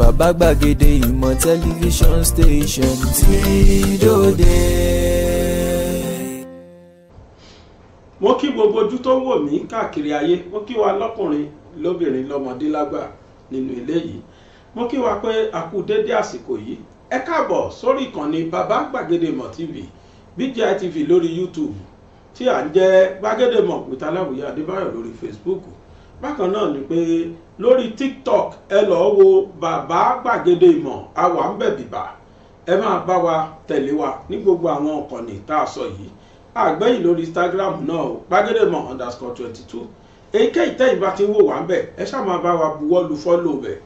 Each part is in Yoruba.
bàbá gbàgede ìmọ̀ tẹlifíṣọ̀n station ti dòde. mo kí gbogbo ojú tó wò mí káàkiri ayé mo kí wa lọ́kùnrin lóbìnrin lọ́mọdé lágbà nínú ilé yìí mo kí wa pé a kú déédé àsìkò yìí ẹ káàbọ̀ sórí ìkànnì bàbá gbàgede ìmọ̀ tv BGI TV lórí YouTube tí à ń jẹ́ gbàgede mọ̀ pẹ̀tàláwìyá adébáyọ̀ lórí Facebook bákan náà ni pé lórí tiktok ẹ lọ́ọ́ wo bàbá gbàgede ìmọ̀ àwa ń bẹ̀ bìbà ẹ máa bá wa tẹ̀lé wa ní gbogbo àwọn ọ̀kànnì tá a sọ yìí àgbẹ̀yìn lórí instagram náà o gbàgede ìmọ̀ underscore twenty two èyíkéyìí tẹ́yìn bá ti ń wò wá ń bẹ̀ ẹ ṣáà máa bá wa buwọ́ lu fọ́lò bẹ̀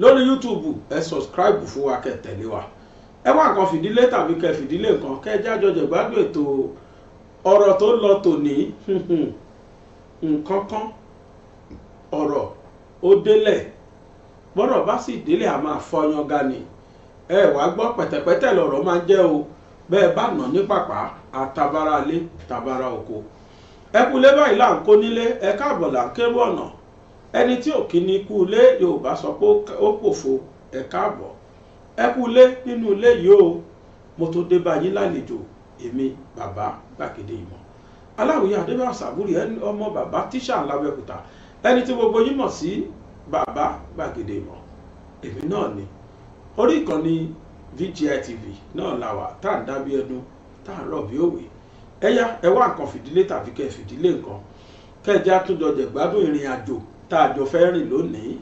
lórí youtube ẹ subscribe fún wa kẹ́ tẹ̀lé wa ẹ wá nǹkan fìdílé tàbí kẹ́ fìdílé nǹkan kẹ́ jájọ jẹ̀gbádùn ètò ọ̀rọ̀ tó lọ tòní nǹkan kan ọ̀rọ̀ ó délẹ̀ bọ́rọ̀ bá sì délé a máa fọyán ga ni ẹ wàá gbọ́ pẹ̀tẹ̀pẹ̀tẹ̀ lọ̀rọ̀ máa jẹ́ o bẹ́ẹ̀ bá nà ní pàpà àtàbára ilé tàbára oko ẹ kúlé báyìí là ń kó nílé ẹ káàbọ̀ là ń kébù ọ̀nà ẹni tí ò kí ni ikú ilé yorùbá sọ pé ó pòfo ẹ káàbọ̀ ẹ kúlé nínú ilé yìí o mo tó dé báyìí lálejò èmi bàbá gbàgede ìmọ̀ aláwòye adébáṣà àbúrò ọmọ bàbá tíṣà ńlá bẹ́kúta ẹni tí gbogbo yín mọ̀ sí bàbá gbàgede mọ̀ èmi náà ni orí ìkànnì BGI TV náà là, wà tá à ń dábí ẹnu tá à ń rọ̀ bí òwe ẹ̀yà ẹ wá nǹkan fìdílé tàbí kẹ́ fìdílé nǹkan kẹ́ẹ̀jẹ́ àtúnjọ jẹ̀gbádùn ìrìn àjò tá a jọ fẹ́ rìn lónìí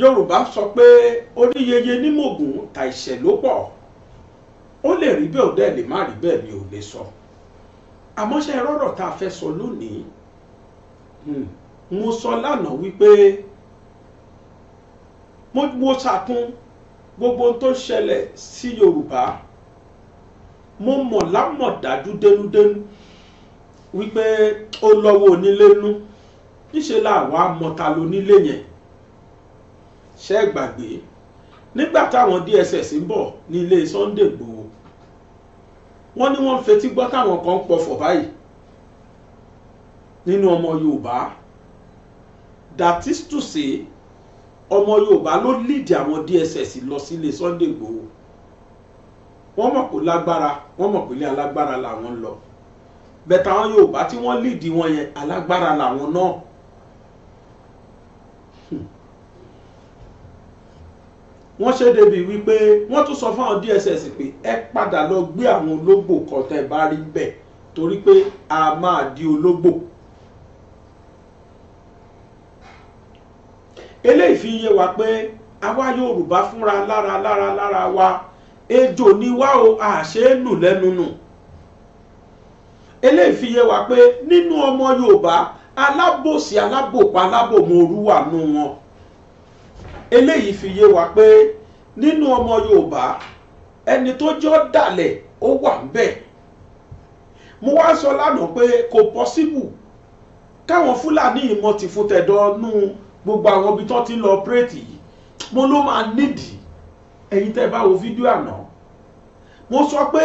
yorùbá sọ pé oníyeye nímògùn ta ìṣẹ̀ ló pọ̀ ó lè rí bẹ́ẹ̀ ó dẹ̀ lè má rí bẹ́ẹ̀ mi ò lè sọ àmọ́ ṣe rọ́rọ̀ tá a fẹ́ sọ lónìí Hmm. mo sọ lánàá wípé mo ṣàkún gbogbo ohun tó ń ṣẹlẹ̀ sí Yorùbá mo mọ̀ lámọ̀dájú dénúdénú wípé ó lọ́wọ́ onílé nú níṣẹ́ làwọn amọ̀ta lónílé yẹn ṣe é gbàgbé nígbà táwọn DSS ń bọ̀ ní ilé Sunday Igboho wọ́n ní wọ́n fetí gbọ́ táwọn kan ń pọ̀fọ̀ báyìí nínú ọmọ Yorùbá that is to say ọmọ Yorùbá ló lead àwọn DSS lọ sílé Sunday Igboho wọ́n mọ̀ kó lágbára wọ́n mọ̀ pé ilé alágbára làwọn lọ bẹ̀tà àwọn Yorùbá tí wọ́n lead wọn yẹn alágbára làwọn náà. Hmm. wọ́n ṣe débi wípé wọ́n tún sọ fáwọn DSS pé ẹ padà lọ gbé àwọn ológbò kan tẹ́ bá rí bẹ́ẹ̀ torí pé a máa di ológbò. eléyìí fi yé wa pé àwa Yorùbá fúnra lára lára lára wa ejò ni wá o àṣẹ lù lẹ́nu nù eléyìí fi yé wa pé nínú ọmọ Yorùbá alábòsí alábòpá alábòmọ̀rú wà nù wọn eléyìí fi yé wa pé nínú ọmọ Yorùbá ẹni tó jọ dàlẹ̀ ó wà ń bẹ̀ mo wá sọ lánàá pé kò pọ́síbù káwọn Fúlàní ìmọ̀ tìfutẹ̀dọ́nú gbogbo àwọn ibi tó ti lọ pírètì yìí mo ló máa nídìí ẹ̀yin tẹ́ bá wo fídíò àná mo sọ pé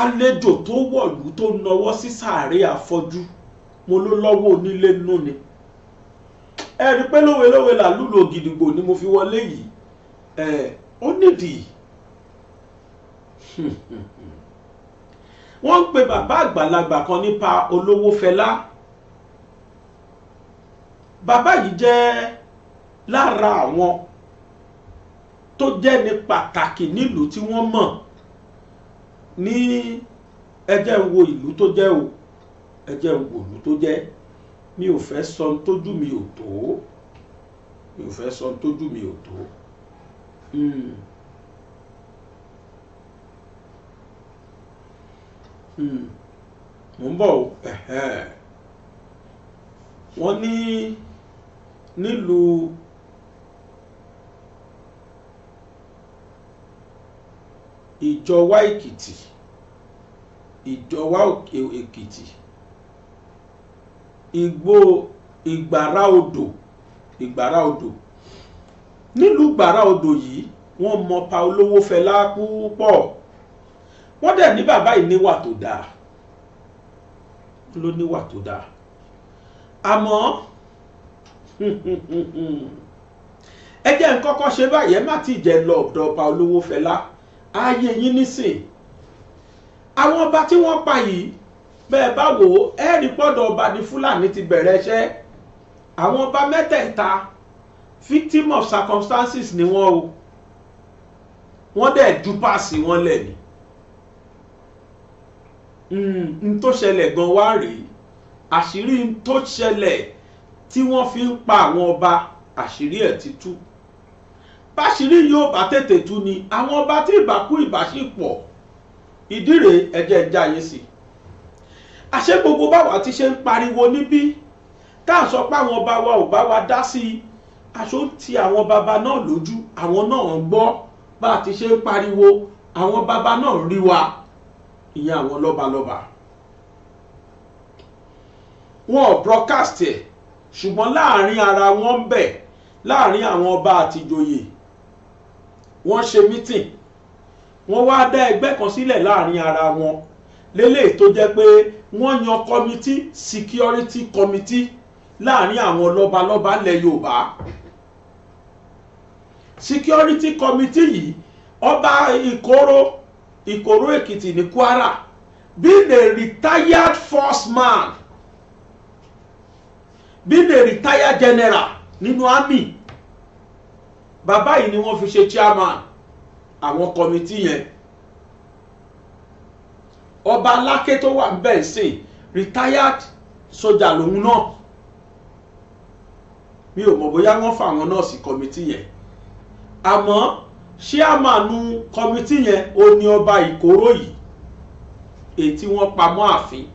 àlejò tó wọ̀lú tó nawọ́ sí sàárè àfọ́jú mo ló lọ́wọ́ onílé nú ni ẹ rí pé lówelówe làlúlò gidigbo ni mo fi wọlé yìí ẹ ó nídìí. wọ́n ń pe bàbá àgbàlagbà kan nípa olówó fẹlá bàbá yìí jẹ́ lára àwọn tó jẹ́ ní pàtàkì nílùú tí wọ́n mọ̀ ní ẹjẹ́ ń wo ìlú tó jẹ́ o ẹjẹ́ ń wo ìlú tó jẹ́ mi ò fẹ́ sọ tójú mi ò tó mi ò fẹ́ sọ tójú mi ò tó. Mm. Hmm. mò ń bọ̀ o wọ́n ní nílùú ìjọwá èkìtì ìjọwá èkìtì igbó ìgbàrá odò ìgbàrá odò nílùú ìgbàrá odò yìí wọ́n mọ̀pa olówó fẹlá púpọ̀ wọ́n dẹ̀ ní bàbá yìí níwà tó dáa ló níwà tó dáa àmọ́ ẹ jẹ́ n kọ́kọ́ ṣe báyẹn má ti jẹ́ lọ ọ̀dọ̀ ọba olówó fẹlá ààyè yín nísìn àwọn ọba tí wọ́n pa yìí bẹ́ẹ̀ bá wò ó ẹ pọ́dọ̀ ọba ní fúlàní ti bẹ̀rẹ̀ iṣẹ́ àwọn ọba mẹ́tẹ̀ẹ̀ta victim of circumstances ni wọ́n o wọ́n dẹ̀ ju wọn lẹ̀ Hmm, n tó ṣẹlẹ̀ gan wá rèé àṣírí n tó ṣẹlẹ̀ tí wọ́n fi ń pa àwọn ọba àṣírí ẹ̀ ti tú báṣírí yóò bá tètè tú ni àwọn ọba tí ìbá kú ìbá sì pọ̀ ìdí rèé ẹ̀jẹ̀ ń jáyé sí i àṣé gbogbo báwa ti ṣe ń pariwo níbí tá à sọ pé àwọn ọba wa ò bá wa dá sí i aṣọ ti àwọn baba náà lójú àwọn náà ń gbọ́ bá a ti ṣe ń pariwo àwọn baba náà rí wa ìyẹn àwọn lọ́balọ́ba wọn ò broadcast ẹ̀ ṣùgbọ́n láàrin ara wọn ń bẹ̀ láàrin àwọn ọba àtìjòyè wọ́n ṣe meeting wọ́n wá dá ẹgbẹ́ kan sílẹ̀ láàrin ara wọn lélẹ̀ tó jẹ́ pé wọ́n yan kọ́mítì security committee láàrin àwọn lọ́balọ́ba ilẹ̀ Yorùbá security committee yìí ọba ìkóró ìkòró èkìtì ní kwara being a retired force man being a retired general nínú army bàbá yìí ni wọ́n fi ṣe chairman àwọn committee yẹn ọba aláké tó wà ń bẹ̀ sìn retired sójà lòun náà mi ò mọ̀ bóyá wọ́n fa àwọn náà sí kọ́mítì yẹn àmọ́ ṣíàmánu kọmitì yẹn o ní ọba ìkóró yìí èyí tí wọ́n pamọ́ ààfin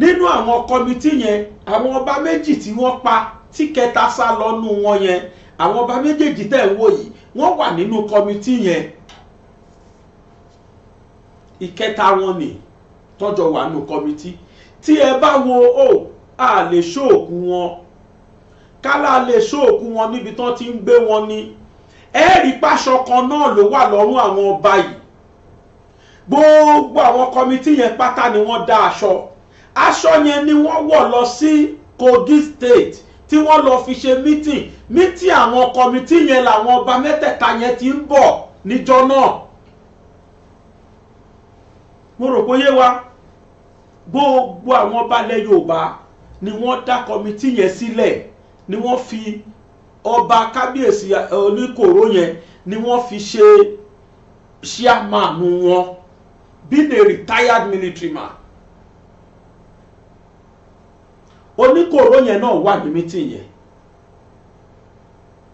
nínú àwọn kọmitì yẹn àwọn ọba méjì tí wọ́n pa tí kẹta sá lọ́nu wọn yẹn àwọn ọba méjèèjì tẹ̀ ń wò yìí wọ́n wà nínú kọmitì yẹn ìkẹta wọn ni tọ́jọ wà nínú kọmitì tí ẹ bá wo ó a lè ṣóòkù wọn kálá lè ṣóòkù wọn níbi tán ti ń gbé wọn ni ẹ̀ẹ́rì páṣọ kan náà ló wà lọ́rùn àwọn ọba yìí gbogbo àwọn kọmitì yẹn pátá ni wọ́n dá aṣọ aṣọ yẹn ni wọ́n wọ̀ lọ sí Kogi state tí wọ́n lọ fi ṣe mítìn mítìn àwọn kọmitì yẹn làwọn ọba mẹ́tẹ̀ẹ̀ta yẹn ti ń bọ̀ níjọ náà mo rò pé yé wa gbogbo àwọn ọba ilẹ̀ Yorùbá ni wọ́n dá kọmitì yẹn sílẹ̀ ni wọ́n fi ọba kábíyèsí oníkòró yẹn ni wọ́n fi ṣe chairman wọn being a retired military man oníkòró yẹn náà wà ní meeting yẹn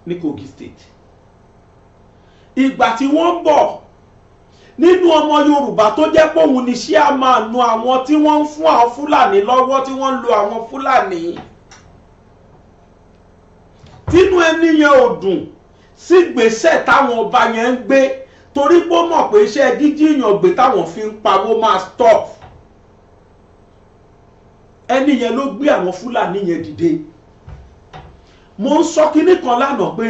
ní Kogi State ìgbà tí wọ́n ń bọ̀ nínú ọmọ Yorùbá tó jẹ́ pé òun ni ṣé a máa nu àwọn tí wọ́n ń fún àwọn Fúlàní lọ́wọ́ tí wọ́n ń lo àwọn Fúlàní tínú ẹni yẹn ò dùn sí gbèsè táwọn ọba yẹn ń gbé torí pé ó mọ̀ pé iṣẹ́ díjí èèyàn gbé táwọn fi ń pawó máa stop ẹni yẹn ló gbé àwọn fúlàní yẹn dìde mo ń sọ kinní kan lánàá pé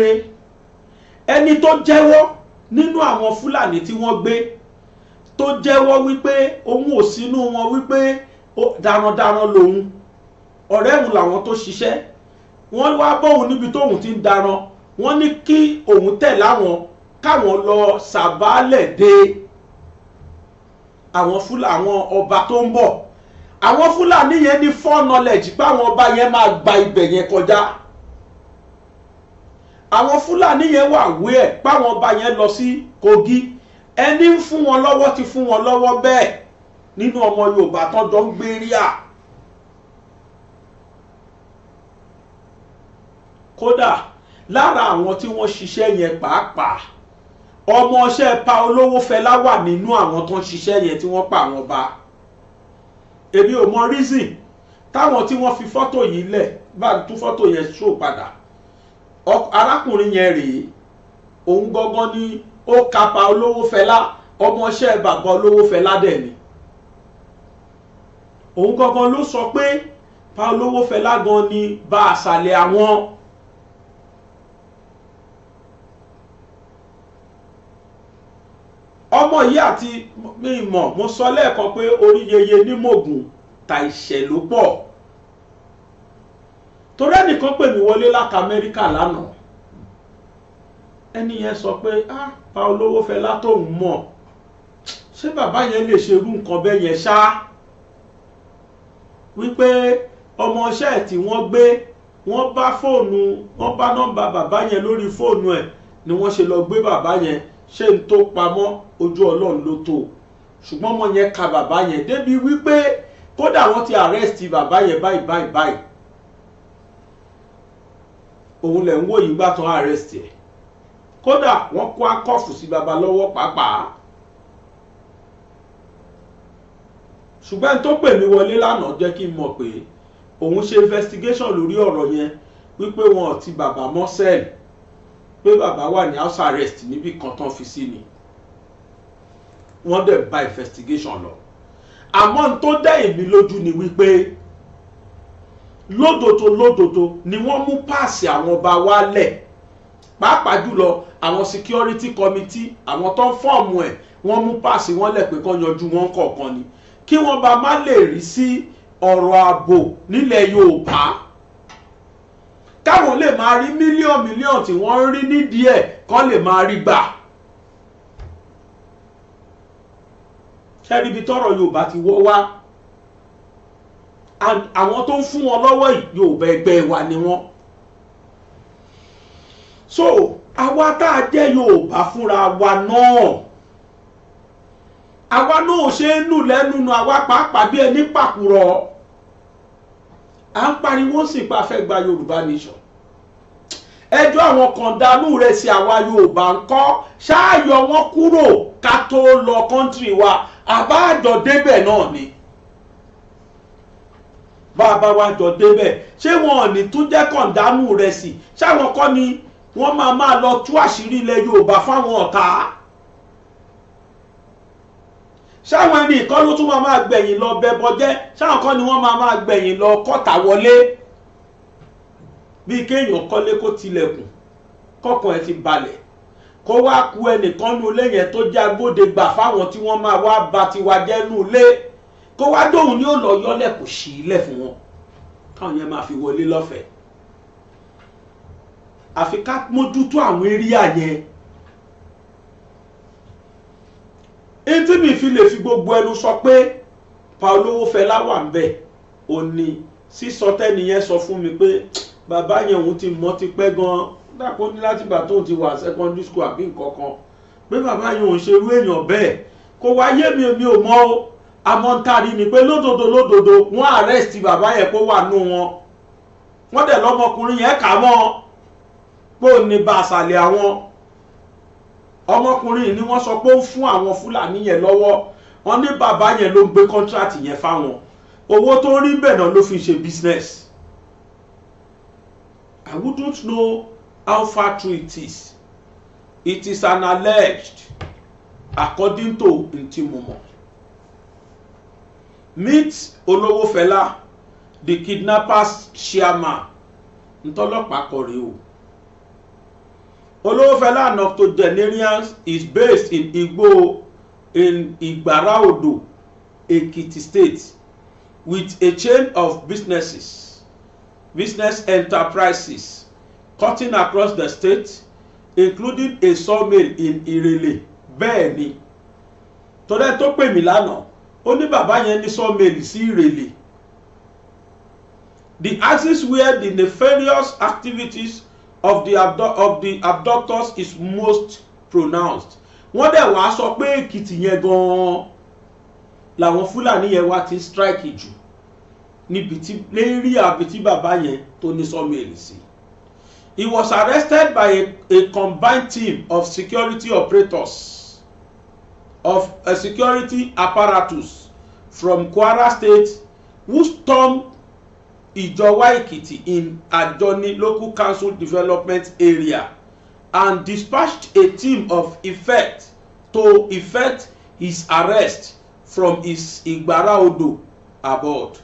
ẹni tó jẹ́wọ́ nínú àwọn fúlàní tí wọ́n gbé tó jẹ́wọ́ wípé òun ò sínú wọn wípé darandaran lòun ọ̀rẹ́ òun làwọn tó ṣiṣẹ́ wọ́n wá bóun níbi tóun ti ń daran wọ́n ní kí òun tẹ̀ láwọn káwọn lọ sàbálẹ̀ dé àwọn fúlàní àwọn ọba tó ń bọ̀ àwọn fúlàní yẹn ní fọ́n knowledge báwọn ọba yẹn máa gba ibẹ̀ yẹn kọjá àwọn fúlàní yẹn wà wíẹ̀ báwọn ọba yẹn lọ sí kogi ẹni ń fún wọn lọ́wọ́ ti fún wọn lọ́wọ́ bẹ́ẹ̀ nínú ọmọ yorùbá tán jọ ń gbé rí à. kódà lára àwọn tí wọ́n ṣiṣẹ́ yẹn pàápàá ọmọọṣẹ́ pa olówó fẹlá wà nínú àwọn tó ń ṣiṣẹ́ yẹn tí wọ́n pa àwọn ba èmi ò mọ reason táwọn tí wọ́n fi fọ́tò yìí lẹ̀ bá a tún fọ́tò yẹn ṣó padà arákùnrin yẹn rèé òun gangan ni ó kapa olówó fẹlá ọmọọṣẹ́ bàbá olówó fẹlá dẹ̀ ni òun gangan ló sọ pé pa olówó fẹlá gan ni bá àṣàlẹ̀ àwọn ọmọ yìí àti mímọ̀ mo sọ lẹ́ẹ̀kan pé orí yeye nímọ̀gùn ta ìṣẹ̀ ló pọ̀ torí ẹnìkan pè mí wọlé láti amẹ́ríkà lánàá ẹni yẹn sọ pé ah pa olówó Fẹlá tóun mọ̀ ṣé bàbá yẹn lè ṣerú nǹkan bẹ́ẹ̀ yẹn ṣá wípé ọmọọṣẹ́ ẹ̀ tí wọ́n gbé wọ́n bá fóònù wọ́n bá nọ́mbà bàbá yẹn lórí fóònù ẹ̀ ni wọ́n ṣe lọ gbé bàbá yẹn ṣé n tó pamọ́ ojú ọlọ́run ló tó ṣùgbọ́n ọmọ yẹn ka bàbá yẹn débi wípé kódà wọ́n ti arrest bàbá yẹn báyìí báyìí báyìí òun lẹ̀ ń wò yìí gbà tán arrest yẹn kódà wọ́n kó akọ́fù sí bàbá lọ́wọ́ pàápàá ṣùgbọ́n tó pè mí wọlé lánàá jẹ́ kí n mọ̀ pé òun ṣe investigation lórí ọ̀rọ̀ yẹn wípé wọn ò ti bàbá mọ́ sẹ́ẹ̀lì pé bàbá wà ní house arrest níbi kan tán fi sí ni wọ́n dẹ̀ bá investigation lọ àmọ́ n tó dá èmi lójú ni wípé lódodo lódodo ni wọ́n mú páàsì àwọn ọba wa lẹ̀ pàápàá jùlọ àwọn security committee àwọn tó ń fọ́ọ̀mù ẹ̀ wọ́n mú páàsì wọn lẹ̀ pé kán yanjú wọn kọ̀ọ̀kan ni kí wọ́n bá má lè rí sí ọ̀rọ̀ ààbò nílẹ̀ Yorùbá káwọn lè máa rí mílíọ̀n mílíọ̀n tí wọ́n ń rí nídìí ẹ̀ kán lè máa rí gbà. ṣẹ́ríbi tọ́rọ̀ Yorùbá ti wọ́ wá àwọn tó ń fún wọn lọ́wọ́ Yorùbá ẹgbẹ́ wa ni wọ́n. so àwa tá a jẹ́ Yorùbá fúnra wa náà àwa náà ṣe ń nù lẹ́nu nu àwa pàápàá bí ẹni pàkúrọ̀ à ń pariwo sì pa fẹ́ gba yorùbá nation ẹjọ́ àwọn kan dàlú rẹ̀ sí àwa yorùbá ń kọ́ ṣáàyọ̀ wọn kúrò ká tó lọ kọ́ńtì wa àbá àjọ débẹ̀ náà ni bàbá wa jọ débẹ̀ ṣé wọn ò ní tún jẹ́ kọ̀ǹdánù rẹ̀ sí ṣáwọn kọ́ ni wọ́n máa máa lọ tú àṣírí ilẹ̀ yorùbá fáwọn ọ̀tá ṣáwọn ẹni ìkọ́ ló tún máa máa gbẹ̀yìn lọ bẹbọ jẹ́ ṣáwọn kan ni wọ́n máa máa gbẹ̀yìn lọ kọ́ta wọlé bíi kéèyàn kọ́lé kó tilẹ̀kùn kọ́kàn ẹ̀ ti balẹ̀ kó wá ku ẹnìkan nu ilé yẹn tó jẹ́ agbódegbà fáwọn tí wọ́n máa wá ba tiwa jẹ́ nu ilé kó wá dóhùn ní òlò yọlẹ̀ kò sí ilẹ̀ fún wọn káwọn yẹn máa fi wọlé lọ́fẹ̀ẹ́ àfi ká mójútó àwọn eré àyẹn etí mi fi lè fi gbogbo ẹnu sọ pé paolówó fẹlá wà ń bẹ òní sísọ tẹnìyẹn sọ fún mi pé bàbá yẹn òun ti mọ ti pẹ́ gan-an dàpọ̀ ní láti gbà tóun ti wà secondary school àbí nǹkan kan pé bàbá yẹn òun ṣerú èèyàn bẹ́ẹ̀ kò wá yé mi mi ò mọ̀ o àmọ́ ń kárí mi pé lódodo lódodo wọ́n arrest bàbá yẹn kó wà nù wọn wọ́n dẹ̀ lọ́mọkùnrin yẹn kà mọ́ pé òun ní bá àwọn ọmọkùnrin ni wọ́n sọ pé ó ń fún àwọn fúlàní yẹn lọ́wọ́ wọ́n ní bàbá yẹn ló ń gbé kọ́ńtrátì yẹn fáwọn owó tó ń rí bẹ́ẹ̀ náà ló fi ṣe business I wouldn't know how far true it is it is an alleged according to ntimomo meet olówó fẹlá the kidnappers chairman ntọ́lọ́pàá kọ̀ọ̀rẹ́ o. Olówófẹlá Octogenarians is based in Igbo in Igbaraodo, Ekiti State, with a chain of businesses, business enterprises cutting across the state, including a sawmill in Irele. Bẹ́ẹ̀ ni, tọ́lẹ́ tó pè mí lánàá, ó ní bàbá yẹn ní sawmill sí Irele. The axis where the nefarious activities of the, of the abductors is most pronounced wọ́n dẹ̀ wá sọ pé èkìtì yẹn gan-an làwọn fúlàní yẹn wá ti strike jù níbi tí lérí àbí tí bàbá yẹn tó ní sọ́mìlì sí he was arrested by a, a combined team of security operators of a security apparatus from Kwara State who stormed ìjọwá èkìtì in àjọní local council development area and dispatched a team of effect to effect his arrest from his Igbaraodo abode.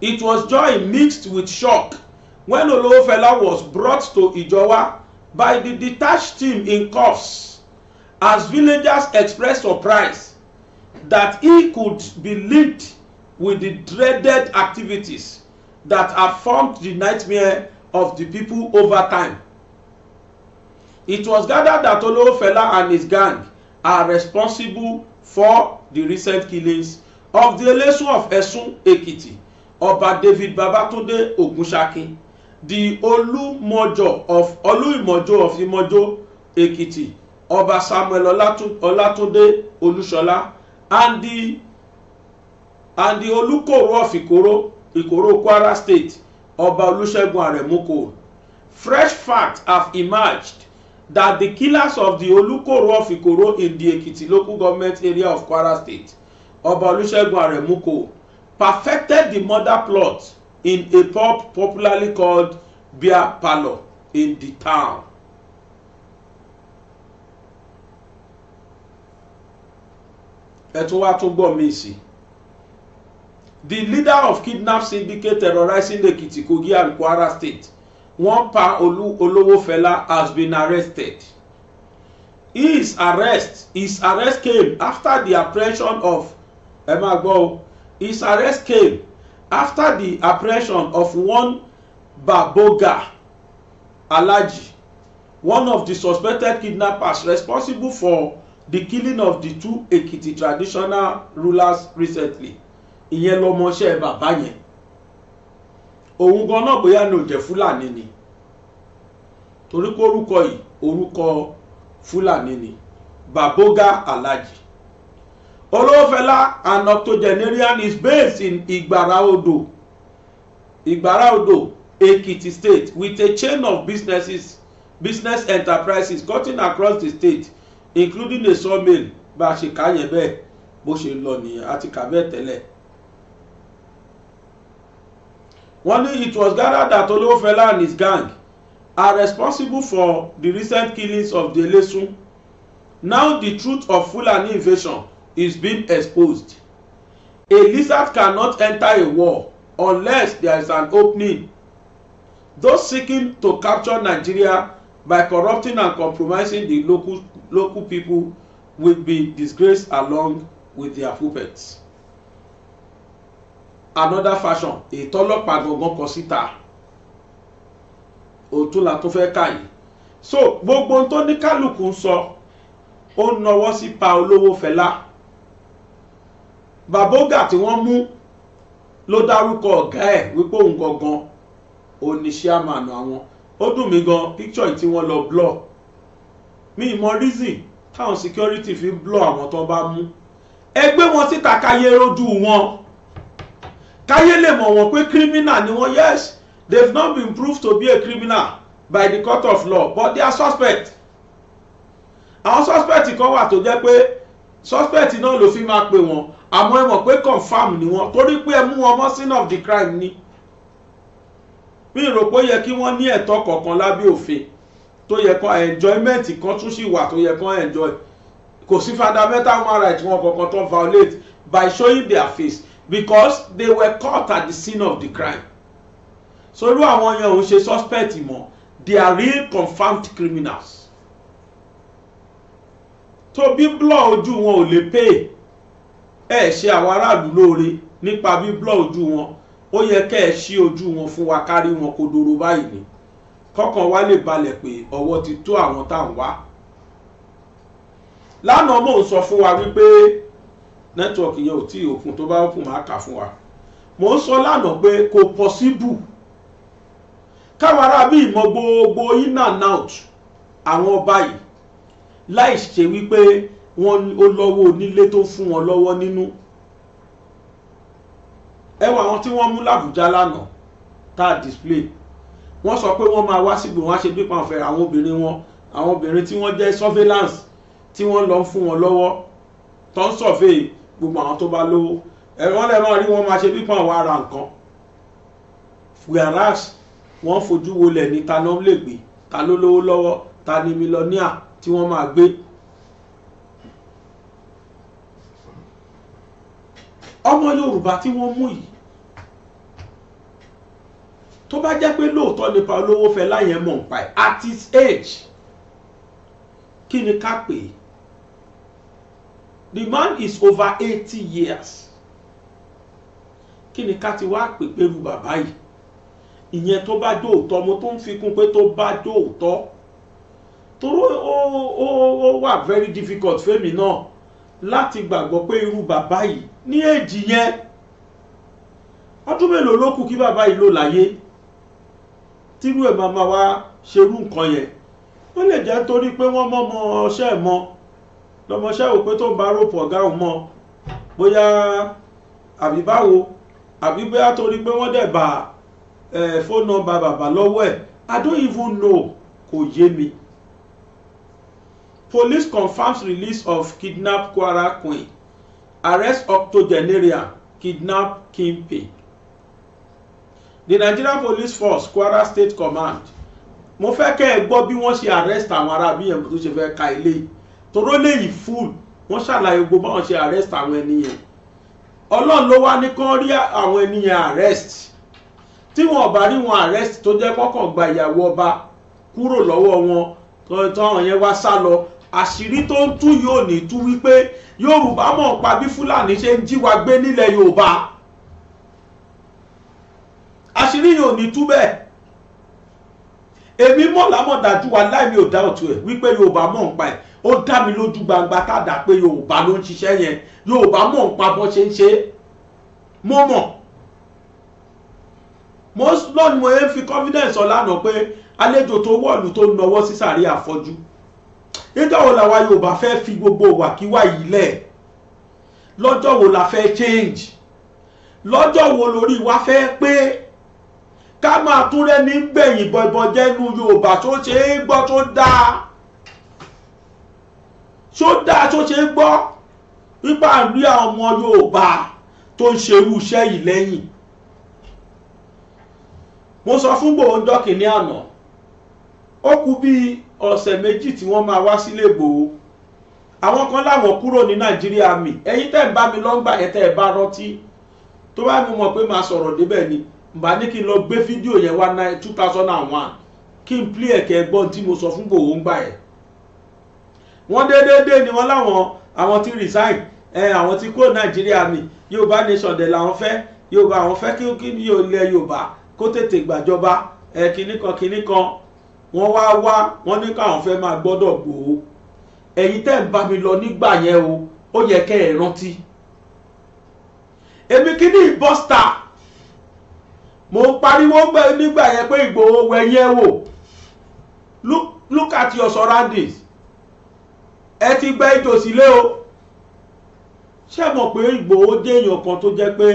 It was joy mixed with shock when Olowofela was brought to Ijowa by the detached team in cuffs as villagers expressed surprise that he could be linked with the dreaded activities that have formed the nightmare of the people over time. It was gathered that Olofela and his gang are responsible for the recent killings of the Elesu of Esun Ekiti, Oba David Babatunde Ogunsaki, the Olumojo of Oluimojo of Imojo Ekiti, Oba Samuel Olatunde Olushola, and the and the Olukoro of Ikoro, Ikoro Kwara State, Oba Olusegun Aremoko. Fresh facts have emerged that the killers of the Olukoro of Ikoro in the Ekiti local government area of Kwara State, Oba Olusegun Aremoko, perfected the murder plot in a pub popularly called beer parlour in the town. ẹ tún wá tún gbọ́ mí sí i the leader of kidnap syndicate terrorizing ekiti kogi and kwara state wọ́n pa olówófẹlá has been arrested his arrest his arrest came after the apprehension of ẹ máa gbọ́ his arrest came after the apprehension of one baboga Alaji, one of the suspected kidnappers responsible for the killing of the two ekiti traditional rulers recently ìyẹn lọmọọṣẹ́ bàbá yẹn òun gan náà bóyá ní òjẹ́ fúlàní ni torí pé orúkọ yìí orúkọ fúlàní ni baboga alhaji olówófẹ́lá an octogenarian is based in ìgbàrá odò ìgbàrá odò Ekiti state with a chain of businesses business enterprises cutting across the state including a sawmill bá a ṣe kà yẹn bẹ́ẹ̀ bó ṣe lọ nìyẹn àti kà bẹ́ẹ̀ tẹ́lẹ̀ wọ́n ní it was gathered that Olofela and his gang are responsible for the recent killings of the Elesun. Now the truth of Fulani invasion is being exposed. A lizard cannot enter a war unless there is an opening. Those seeking to capture Nigeria by corrupting and compromising the local local people will be disgraced along with their puppets another fashion ètò ọlọ́pàá gangan kọ síta òtún la tún fẹ́ kà yìí so gbogbo ohun tó ní kálukú ń sọ ó ń nọwọ́ sí pa olówó fẹlá bàbógà tí wọ́n mú ló dárúkọ ọ̀gá ẹ̀ wípé òun gangan ó ní ṣíàmánù àwọn ó dùn mí gan píkṣọ yìí tí wọ́n lọ blọ mi mọ reason táwọn security fi blọ àwọn tó bá mú ẹgbẹ́ wọn síta káyé rojú wọn káyé lè mọ̀ wọ́n pé criminal ni wọ́n yes they have not been proved to be a criminal by the court of law but they are suspect àwọn suspect kan wà tó jẹ́ pé suspect náà ló fi máa pè wọ́n àmọ́ ẹ mọ̀ pé confam ni wọ́n torí pé ẹ mú wọn mọ́ sin of the crime ni mi rò pé ó yẹ kí wọ́n ní ẹ̀tọ́ kọ̀ọ̀kan lábẹ́ òfin tó yẹ kán enjoyment kan tún sì wà tó yẹ kán enjoy kò sí fundamental human rights wọn kọ̀ọ̀kan tó violate by showing their face because they were caught at the scene of the crime solu àwọn yẹn ò ṣe suspect mọ́ they are real confirmed criminals tó bí blọ ojú wọn ò lè pay ẹ ṣe àwọn aráàlú lóore nípa bí blọ ojú wọn ó yẹ kẹ́ ẹ ṣí ojú wọn fún wa kárí wọn kodoro báyìí ni kọ́kàn wa lè balẹ̀ pé ọwọ́ ti tó àwọn tá à ń wá lánàá mò ń sọ fún wa wípé nẹ́tíwọ̀kì yẹn ò tí ì òkun tó bá òkun máa kà fún wa mò ń sọ lánàá pé kò pọ́síbù káwọn ará bíi mọ gbogbo in and out àwọn ọba yìí láì ṣe wípé wọn ó lọ́wọ́ onílé tó fún wọn lọ́wọ́ nínú ẹ wo àwọn tí wọ́n mú làbújá lánàá tá a display wọ́n sọ pé wọ́n máa wá síbi wọ́n á ṣe pípa ọ̀fẹ́ àwọn obìnrin wọn àwọn obìnrin tí wọ́n jẹ́ surveillance tí wọ́n lọ fún wọn lọ́wọ́ tó ń survey gbogbo àwọn tó bá lówó ẹ̀wọ́n lè máa rí wọn máa ṣe pípọ́n àwọn ara nǹkan whereas wọ́n fojú wolẹ̀ ní ta ló lè gbé ta ló lówó lọ́wọ́ ta ni mílíọ̀níà tí wọ́n máa gbé. ọmọ Yorùbá tí wọ́n mú yìí tó bá jẹ́ pé lóòótọ́ nípa olówó fẹ́ láyẹn mọ̀ nípa ẹ̀ at his age kí ni ká pè é the man is over eighty years kí ni ká ti wá pè pẹ̀lú bàbá yìí ìyẹn tó bá dóòtọ́ mo tó ń fi kún pé tó bá dóòtọ́ toró ó ó ó wà very difficult fẹ́mi náà láti gbàgbọ́ pé irú bàbá yìí ní èjì yẹn ọdún mélòó ló kù kí bàbá yìí lò láyé tírú ẹ̀ máa ma wá ṣerú nǹkan yẹn ó lè jẹ́ torí pé wọ́n mọ́ ọmọ ọṣẹ́ mọ́ lọ́mọṣẹ́ wò tó ń ba ròpù ọ̀gá òun mọ́ bóyá àbí báwo àbí bóyá torí pé wọ́n dẹ̀ bá fóònù nọ́mbà bàbá lọ́wọ́ ẹ̀ I don't even know kò yé mi. Police confirms release of kidnap Kwara queen arrest octogenarian kidnap Kimpe. The Nigeria Police Force Kwara State Command mo fẹ́ kẹ́ ẹ gbọ́ bí wọ́n ṣe arrest àwọn arábíyẹn tó ṣe fẹ́ ka eléyìí toró léyìí full wọ́n ṣàlàyé gbogbo báwọn ṣe arrest àwọn ẹni yẹn ọlọ́run ló wá ní kán rí àwọn ẹni yẹn arrest tí wọn bá rí wọn arrest tó jẹ́ kọ́kàn gba ìyàwó ọba kúrò lọ́wọ́ wọn táwọn yẹn wá sá lọ àṣírí tó ń tú yóò ní tú wípé yorùbá mọ̀ pa bí fúlàní ṣe ń jí wa gbé nílẹ̀ yorùbá àṣírí yóò ní tú bẹ́ẹ̀ èmi mọ̀ lámọ̀ dájú wa láì mi ò dá ọ̀tún ẹ̀ wípé yorùbá mọ̀ pa ẹ̀ ó dá mi lójú gbangba tàdá pé yorùbá ló ń ṣiṣẹ́ yẹn yorùbá mọ̀ ń pa bó ṣe ń ṣe mo mọ̀ mo lọ́ni mo yẹn fi confidence ọ̀lànà pé àlejò tó wọ̀lú tó nawọ́ sí sàrí àfọ́jú nígbà wo làwa yorùbá fẹ́ fi gbogbo wàkíwà yìí lẹ̀ lọ́jọ́ wo la fẹ́ change lọ́jọ́ wo lórí wa fẹ́ pé ká máa tún rẹ́ni gbẹ̀yìn bọ̀bọ̀ jẹ́nu yorùbá tó ṣe é gbọ́ tó dáa ṣó dáa tó ṣe gbọ́ nípa rí àwọn ọmọ Yorùbá tó ń ṣe irú iṣẹ́ yìí lẹ́yìn mo sọ fún gbòǹdọ́ ní àná ó kù bíi ọ̀sẹ̀ méjì tí wọ́n máa wá sílé gbòó àwọn kan láwọn kúrò ní Nàìjíríà mi ẹ̀yin tẹ́ ń bá mi lọ́ngbà rántí tó bá pé màá sọ̀rọ̀ débẹ̀ ni mbà ní lọ gbé fídíò yẹn wá ní two thousand one kí n plé ẹ̀kẹ́ gbọ́n tí gbà wọ́n déédéé ni wọ́n láwọn àwọn ti resign àwọn ti kúrò nàìjíríà mi yorùbá nation dẹ̀ làwọn fẹ́ yorùbá àwọn fẹ́ kí kí ní ilẹ̀ yorùbá kó tètè gbàjọba kínní kan kínní kan wọ́n wá wá wọ́n ní káwọn fẹ́ máa gbọ́dọ̀ gbòó ẹ̀yin tẹ́ ń bá mi lọ nígbà yẹn o ó yẹ kẹ́ ẹ̀ rántí èmi kí ní ìbọ́sítà mo ń pariwo nígbà yẹn pé Ìgbòho wẹ̀yẹ́ wò look at your surroundings ẹ ti gbẹ́ ìtòsílé o ṣé mọ̀ pé Ìgbòho jẹ́ èèyàn kan tó jẹ́ pé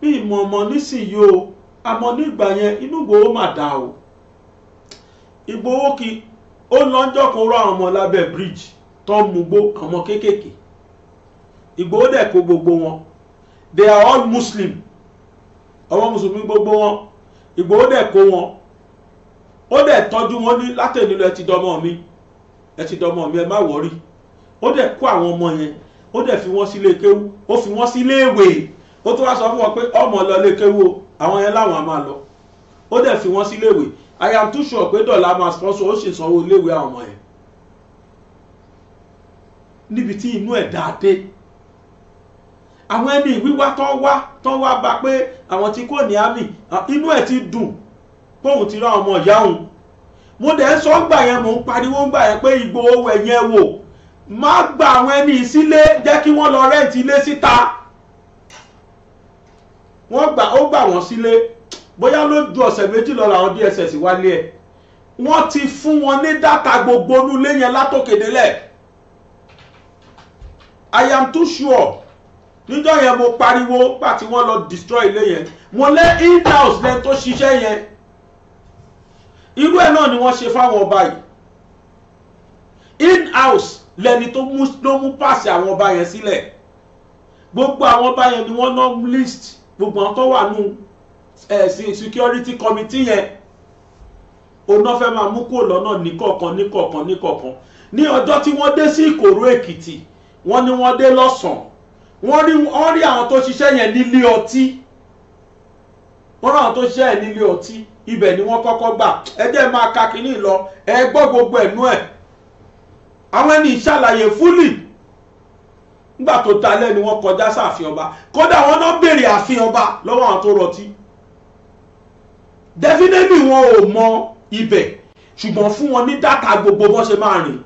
bí ìmọ̀ ọmọ nísìnyí o àmọ́ nígbà yẹn inú Ìgbòho mà dá o Ìgbòho kì ó lọ́jọ́ kan rọ àwọn ọmọ lábẹ́ bridge tó ń mugbó àwọn kéékèèké Ìgbòho dẹ̀ kó gbogbo wọn they are all Muslim ọmọ mùsùlùmí gbogbo wọn Ìgbòho dẹ̀ kó wọn ó dẹ̀ tọ́jú wọn ní látẹ̀nulẹ̀ ti dọmọ mi ẹ ti dọmọ mi ẹ má wọrí ó dẹ̀ kó àwọn ọmọ yẹn ó dẹ̀ fi wọ́n sílé kéwú ó fi wọ́n sílé ìwé ó tó wá sọ fún wọn pé ọmọ lọ lé kéwú àwọn yẹn láwọn á máa lọ ó dẹ̀ fi wọ́n sílé ìwé i am too sure pé dọ̀là máa sponsor ó sì sanwó iléèwé àwọn ọmọ yẹn níbi tí inú ẹ̀ dáadé àwọn ẹni ìwíwá tó wá tó wá bá pé àwọn tí kò ní àmì inú ẹ̀ ti dùn póun ti rá ọmọ ìyá òun mo dẹ̀ ń sọ gbà yẹn mò ń pariwo gbà yẹn pé Ìgbòho wẹ̀ yẹn wò má gba àwọn ẹni sílé jẹ́ kí wọ́n lọ rẹ́ǹtì ilé síta wọ́n gbà ó gbà wọ́n sílé bóyá ló ọ̀sẹ̀ méjì lọ làwọn DSS wálé ẹ̀ wọ́n ti fún wọn ní dátà gbogbo onúlé yẹn látòkè I am too sure níjọ́ yẹn mo pariwo gbà tí wọ́n lọ destroy ilé yẹn mo lé in-house lẹ́ni tó ṣiṣẹ́ yẹn irú ẹ̀ náà ni wọ́n ṣe fáwọn ọba yìí in house lẹni tó ló mú pàṣẹ àwọn ọba yẹn sílẹ̀ gbogbo àwọn ọba yẹn ni wọ́n ná list gbogbo àwọn tó wà nù ẹ̀sìn security committee yẹn òun náà fẹ́ máa mú kó lọ́nà níkọ̀ọ̀kan níkọ̀ọ̀kan níkọ̀ọ̀kan ní ọjọ́ tí wọ́n dé sí ìkòrò èkìtì wọ́n ní wọ́n dé lọ́sàn-án wọ́n rí àwọn tó ṣiṣẹ́ yẹn nílé ọtí wọ́n ráwọn tó ṣẹ́ ẹ̀ nílé ọtí ibẹ̀ ni wọ́n kọ́kọ́ gbà ẹjẹ́ máa ka kínní lọ ẹ gbọ́ gbogbo ẹ̀nú ẹ̀ àwọn ẹni ìṣàlàyé fúlì nígbà tó ta lẹ́nu wọn kọjá sáàfin ọba kódà wọn náà béèrè àfin ọba lọ́wọ́ àwọn tó rọtí definitely wọn ò mọ ibẹ̀ ṣùgbọ́n fún wọn ní dátà gbogbo bọ́n ṣe máa rìn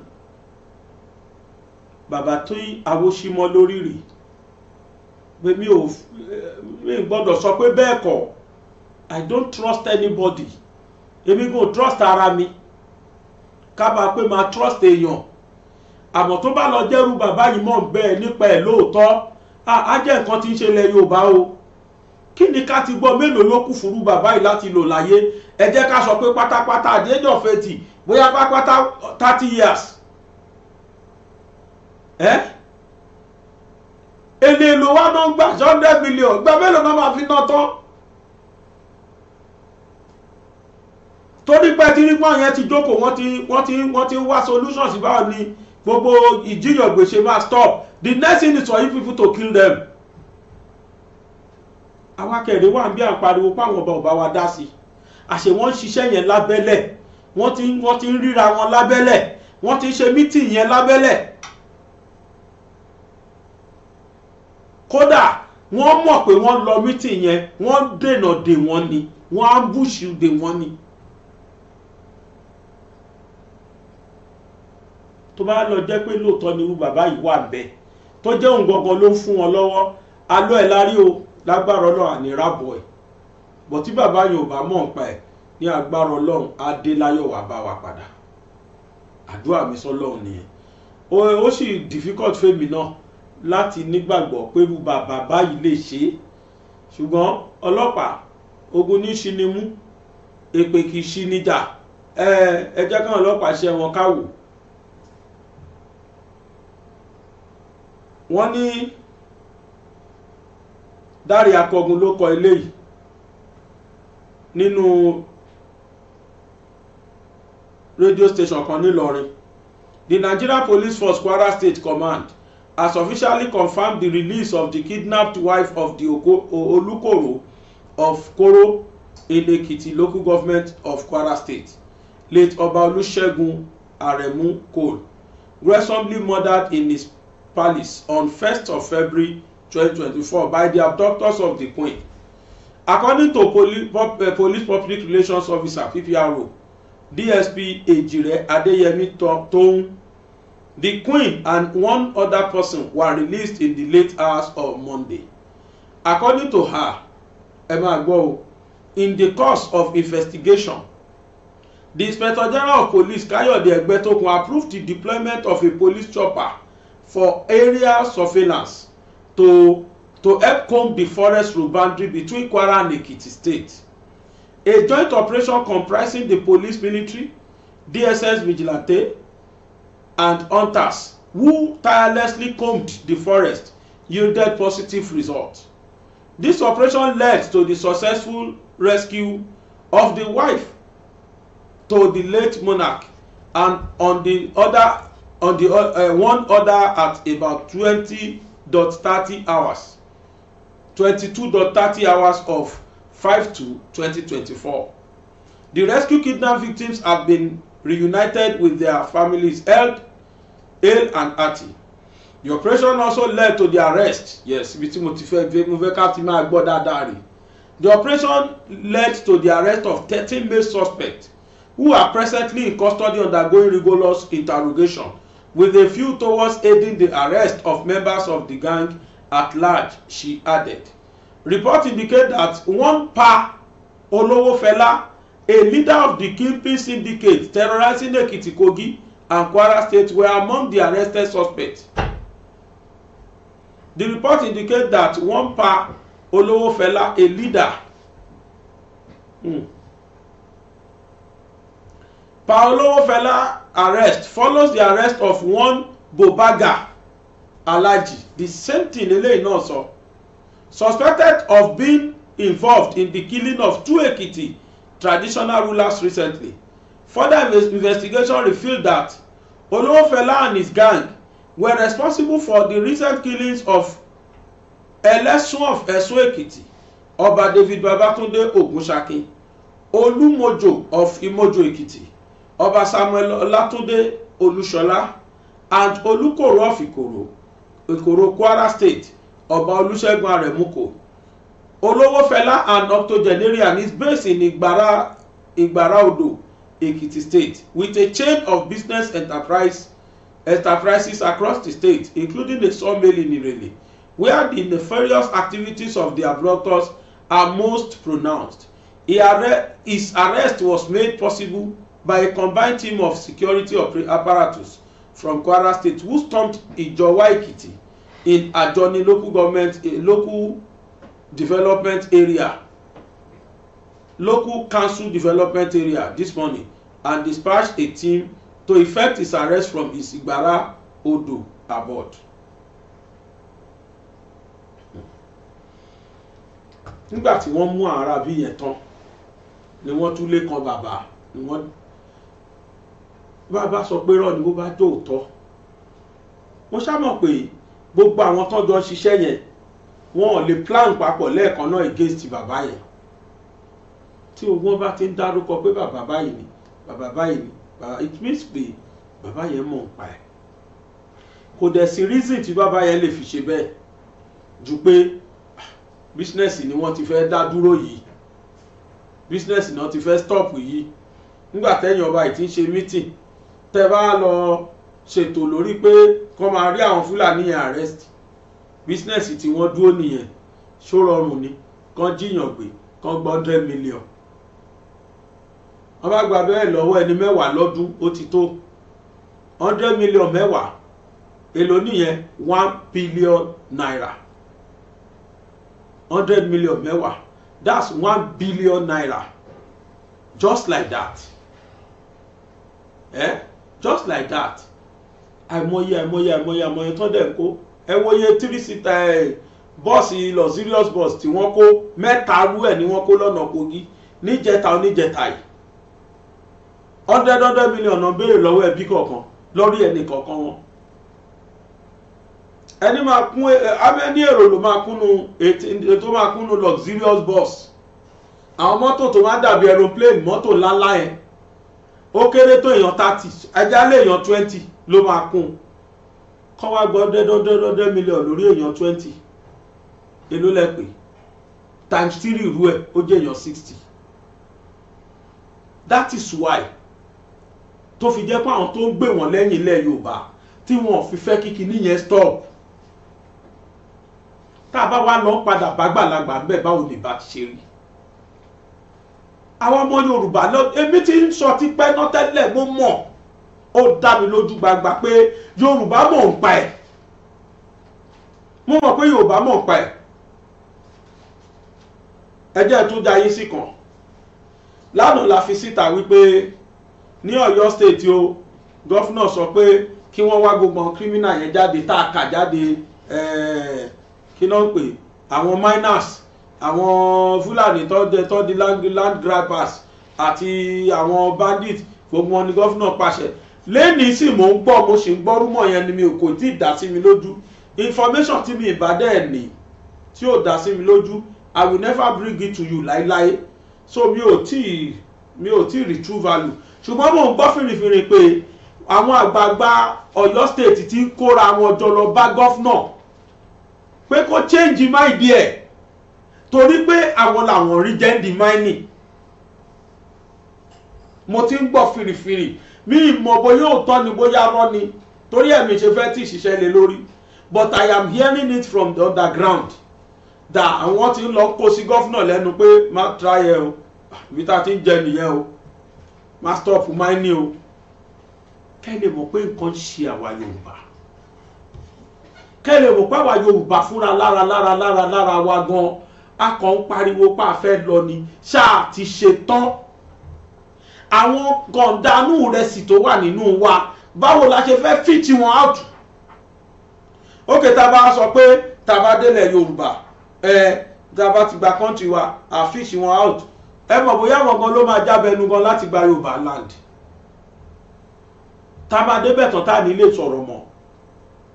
bàbá tó awóṣímọ́ lórí rè mi ò gbọ́dọ̀ sọ pé bẹ́ẹ̀ kọ́ i don't trust anybody èmi kò trust ara mi kábà pé máa trust èèyàn àmọ́ tó bá lọ jẹ́rú bàbá yìí mọ̀ bẹ́ẹ̀ nípa ẹ̀ lóòótọ́ á jẹ́ nǹkan tí ń ṣe ilẹ̀ yorùbá o kí ni ká ti gbọ́ mélòó ló kù fúru bàbá yìí láti lò láyé ẹ jẹ́ ká sọ pé pátápátá at the age of bóyá pátápátá thirty years ẹ èlé èlò wa náà ń gbà hundred million gbà mélòó náà máa fi ná tán. torí pé tí nígbọ́n yẹn ti jókòó wọ́n ti wọ́n ti wọ́n ti wá solutions báwo ni gbogbo ìjiyàn gbèsè máa stop the next thing is for you people to kill them. àwa kẹrin wà ń bí àpariwo páwọn ọba ọba wa dá sí i àṣẹ wọ́n ń ṣiṣẹ́ yẹn lábẹ́lẹ̀ wọ́n ti wọ́n ti ń ríra wọn lábẹ́lẹ̀ wọ́n ti ń ṣe mítìn yẹn lábẹ́lẹ̀. kódà wọ́n mọ̀ pé wọ́n lọ mítìn yẹn wọ́n dènà dè wọ́n ni wọ́n ambush dè wọ́n ni. tó bá lọ jẹ́ pé lóòótọ́ ni irú bàbá yìí wà bẹ́ẹ̀ tó jẹ́ òun gangan ló fún wọn lọ́wọ́ alọ́ ẹ̀ lárí o lágbára ọlọ́run àníràbọ̀ ẹ̀ bọ̀ tí bàbá yìí ò bá mọ̀ nípa ẹ̀ ní agbára ọlọ́run adéláyọ̀ wà bá wa padà àdúrà mi sọ́lọ́run nìyẹn ó sì difficult fèmí náà láti nígbàgbọ́ pé irú bàbá báyìí lè ṣe é ṣùgbọ́n ọlọ́pàá ogun ní ṣinimú èpè kì í ṣinijà ẹ ẹ jẹ́ káwọn ọlọ́pàá ṣe wọn káwò wọ́n ní Dáre Akọgun ló kọ ilé yìí nínú radio station kan nílọrin the Nigeria Police Force Kwara State Command has officially confirmed the release of the kidnapped wife of the Olukoro of Koro in Ekiti local government of Kwara State late Oba Olusegun Aremu Cole gruesomely murdered in his Palace on 1st of February 2024 by the abductors of the Queen. According to Poli Pop uh, Police Public Relations Officer PPRO DSP Ejire Adeyemi Tohun, the Queen and one other person were released in the late hours of Monday. According to her, Emma Gbowo, in the course of investigation, the Inspector General of Police Kayode Egbetokun approved the deployment of a police chopper for area surveillance to to help comb the forest road boundary between Kwara and Ekiti state. A joint operation comprising the police military, DSS vigilante, and hunters who tirelessly combed the forest yielded positive results. This operation led to the successful rescue of the wife to the late monarch and on the other on the uh, uh one other at about twenty dot thirty hours twenty-two dot thirty hours of five to twenty twenty-four the rescue kidnap victims have been reunited with their families held hale and ati the operation also led to the arrest yes ibi tí mo ti fẹ́ máa gbọ́ dáadáa rè the operation led to the arrest of thirteen male suspects who are presently in custody undergoing rigorous interrogation with a view towards aiding the arrest of members of the gang at large, she added. Reports indicate that one Pa Olowofela, a leader of the kingpin syndicate terrorizing Ekiti Kogi and Kwara State, were among the arrested suspects. The report indicates that one Pa Olowofela, a leader, hmm, Paolo Fela arrest follows the arrest of one Bobaga Alaji the same thing eléyìí náà sọ suspected of being involved in the killing of two Ekiti traditional rulers recently further investigation revealed that Olowo and his gang were responsible for the recent killings of Elesun of Esun Ekiti Ọba David Babatunde Ogunsaki Olumojo of Imojo Ekiti ọba samuel ọlátúndé Olusola, and olúkòrò of ìkòrò ìkòrò kwara state ọba Olusegun arẹ̀mukò Olowo Fela, and octogenarian is based in Igbara ìgbàrá odò ekiti state with a chain of business enterprise enterprises across the state including the sawmill in irele where the nefarious activities of the abductors are most pronounced. his arrest was made possible by a combined team of security apparatus from Kwara State who stormed Ijowa Ekiti in Ajoni local government a eh, local development area local council development area this morning and dispatched a team to effect his arrest from his Odo abode. nígbà tí wọ́n mú àwọn arábí yẹn tán ni wọ́n tún lé kan bàbá ni wọ́n bá a bá sọ pé rọ ni bó bá jó òótọ́ mo ṣàmọ̀ pé gbogbo àwọn tọ́jọ́ ṣiṣẹ́ yẹn wọn ò lè plan papọ̀ lẹ́ẹ̀kan náà against bàbá yẹn tí ogun bá ti ń dárúkọ pé bàbá báyìí ni bàbá báyìí ni bàbá it means pé bàbá yẹn mọ̀ ń pa ẹ̀ kò dẹ̀ sí reason tí bàbá yẹn lè fi ṣe bẹ́ẹ̀ ju pé ah, business ni wọ́n ti fẹ́ dá dúró yìí business náà ti fẹ́ stop yìí nígbà tẹ́yìn ọba yìí ti ń ṣe meeting tẹ bá lọ ṣètò lórí pé kán máa rí àwọn fúlàní arrest business tí wọ́n dúró nìyẹn ṣó rọrùn ni kán jiyàn gbé kán gba hundred million wọ́n bá gba bẹ́ẹ̀ lọ́wọ́ ẹni mẹ́wàá lọ́dún ó ti tó hundred million mẹ́wàá èlò nìyẹn one billion naira hundred million mẹ́wàá that's one billion naira just like that. Eh? just like that àìmọye àìmọye àìmọye àìmọye tán dẹ̀ ń kó ẹ wòye three seater ẹ̀ bọ́ọ̀sì luxurious bus tí wọ́n kó mẹ́ta rú ẹ̀ ni wọ́n kó lọ́nà Kogi níjẹta oníjẹta yìí hundred hundred million náà béèrè lọ́wọ́ ẹbí kọ̀ọ̀kan lórí ẹnì kọ̀ọ̀kan wọn ẹni máa kún abẹ́ni èrò ló máa kúnnu ètò máa kúnnu luxurious bus àwọn mọ́tò tó máa dàbí aeroplane mọ́tò ńláńlá yẹn ó kéré tó èèyàn thirty ẹja lé èèyàn twenty ló máa kún un kọ́ wá gbọ́ dẹ́dọ́dẹ́dọ́dẹ́ mílíọ̀n lórí èèyàn twenty èló lẹ pé times three irú ẹ̀ ó jẹ́ èèyàn sixty that is why tó fi jẹ́ pé àwọn tó ń gbé wọ́n lẹ́yìn ilẹ̀ Yorùbá tí wọ́n fi fẹ́ kíkí níyẹn stop tá a bá wá lọ padà bá gbàlagbà ń bẹ̀ báwo lè bá ti ṣe rí àwọn ọmọ yorùbá lọ èmi ti ń sọ tipẹ́ náà tẹ́lẹ̀ mo mọ̀ ó dá mi lójú gbagba pé yorùbá mọ̀ ń pa ẹ̀ mo mọ̀ pé yorùbá mọ̀ ń pa ẹ̀ ẹ jẹ́ tún dá yín sí kan lánàá la fi síta wípé ní ọ̀yọ́ state o gọ́fúnà sọ pé kí wọ́n wá gbogbo àwọn kírímìnà yẹn jáde tá a kà jáde eh, kí náà ń pè àwọn minors àwọn fúlàní tó di land grabbers àti àwọn bandits gbogbo wọn ni gọ́fúnà pàṣẹ lẹ́nìí sì mò ń gbọ́ mo sì ń gbọ́ rúmọ̀ yẹn ni mi ò kò tí ì dá sí mi lójú information tí mi ìbá dẹ̀ ní tí ò dá sí mi lójú i will never bring it to you láéláé so mi ò tí ì mi ò tí ì rí true value ṣùgbọ́n mò ń gbọ́ fìrìfìrì pé àwọn àgbààgbà Ọ̀yọ́ state ti ń kóra wọn jọ lọ bá gọ́fúnà pé kó change my idea torí pé àwọn làwọn rí jẹ́ndì máìnì mo ti ń gbọ́ fìrìfìrì mi ìmọ̀ bóyá òótọ́ ni bóyá rọ́ ni torí ẹ̀mí ṣe fẹ́ tí ìṣiṣẹ́ lé lórí but I am hearing it from the underground da àwọn tí ń lọ kó sí gọ́fúnà lẹ́nu pé má tra yẹ o ibi tá a ti ń jẹ nìyẹn o má stop máìnì o kẹ́lẹ̀ mọ̀ pé nǹkan ń ṣe àwa Yorùbá kẹ́lẹ̀ mọ̀ pé àwa Yorùbá fúnra lára lára lára lára wa gan-an a kàn ń pariwo pa àfẹ́ lọ ni ṣáà ti ṣe tán àwọn gọ̀ǹdanú ìrẹsì tó wà nínú wa báwo la ṣe fẹ́ fìtì wọn out ókè tá a bá sọ pé tá a bá délẹ̀ yorùbá ẹ tá a bá ti gba kọ́ńtì wa a fìtì wọn out ẹ mọ̀ bóyá àwọn gan ló máa jábẹ́nu gan láti gba yorùbá land tá a bá débẹ̀ tán tá a nílé sọ̀rọ̀ mọ́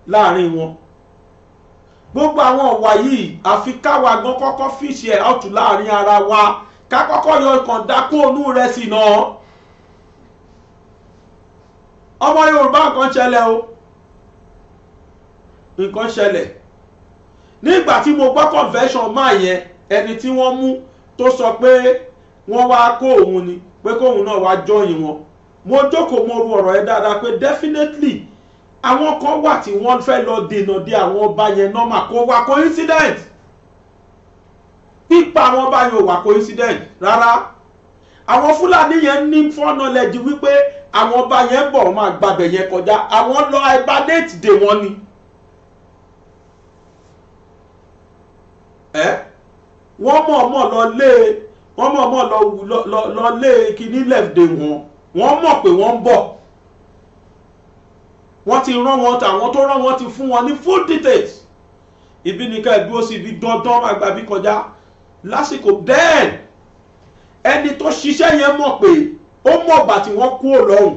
láàrin wọn gbogbo àwọn ọ̀wà yìí àfi káwa gan kọ́kọ́ fìṣì ẹ̀ ọ̀tù láàrin ara wa ká kọ́kọ́ yọ ikàn dákú ònú rẹ̀ sí náà ọmọ Yorùbá nǹkan ṣẹlẹ̀ o nǹkan ṣẹlẹ̀ nígbà tí mo gbọ́ convention máa yẹn ẹni tí wọ́n mú tó sọ pé wọ́n wá kó òun ni pé kóun náà wá jọyìn wọn mo jókòó mo ru ọ̀rọ̀ yẹn dáadáa pé definitely àwọn kan wà tí wọ́n fẹ́ lọ dènà de àwọn ọba yẹn nọ́mà kò wà coincident pípa àwọn ọba yẹn ò wà coincident rárá àwọn fúlàní yẹn ní fọ́nọlẹ́jì wípé àwọn ọba yẹn bọ̀ máa gbàbẹ̀ yẹn kọjá àwọn lọ hibernate dè wọ́n ni. ẹ wọ́n mọ̀ọ́mọ̀ lọ lé wọ́n mọ̀ọ́mọ̀ lọ lé kíní lẹ́fdè wọn wọ́n mọ̀ pé wọ́n ń bọ̀ wọ́n ti rán wọn tàwọn tó rán wọn ti fún wọn ní full details ibi nìkan ìdúró sí ibi dandan máa gba bí kọjá lásìkò then ẹni tó ṣiṣẹ́ yẹn mọ̀ pé ó mọ̀ bá tí wọ́n kúrò lọ́hùn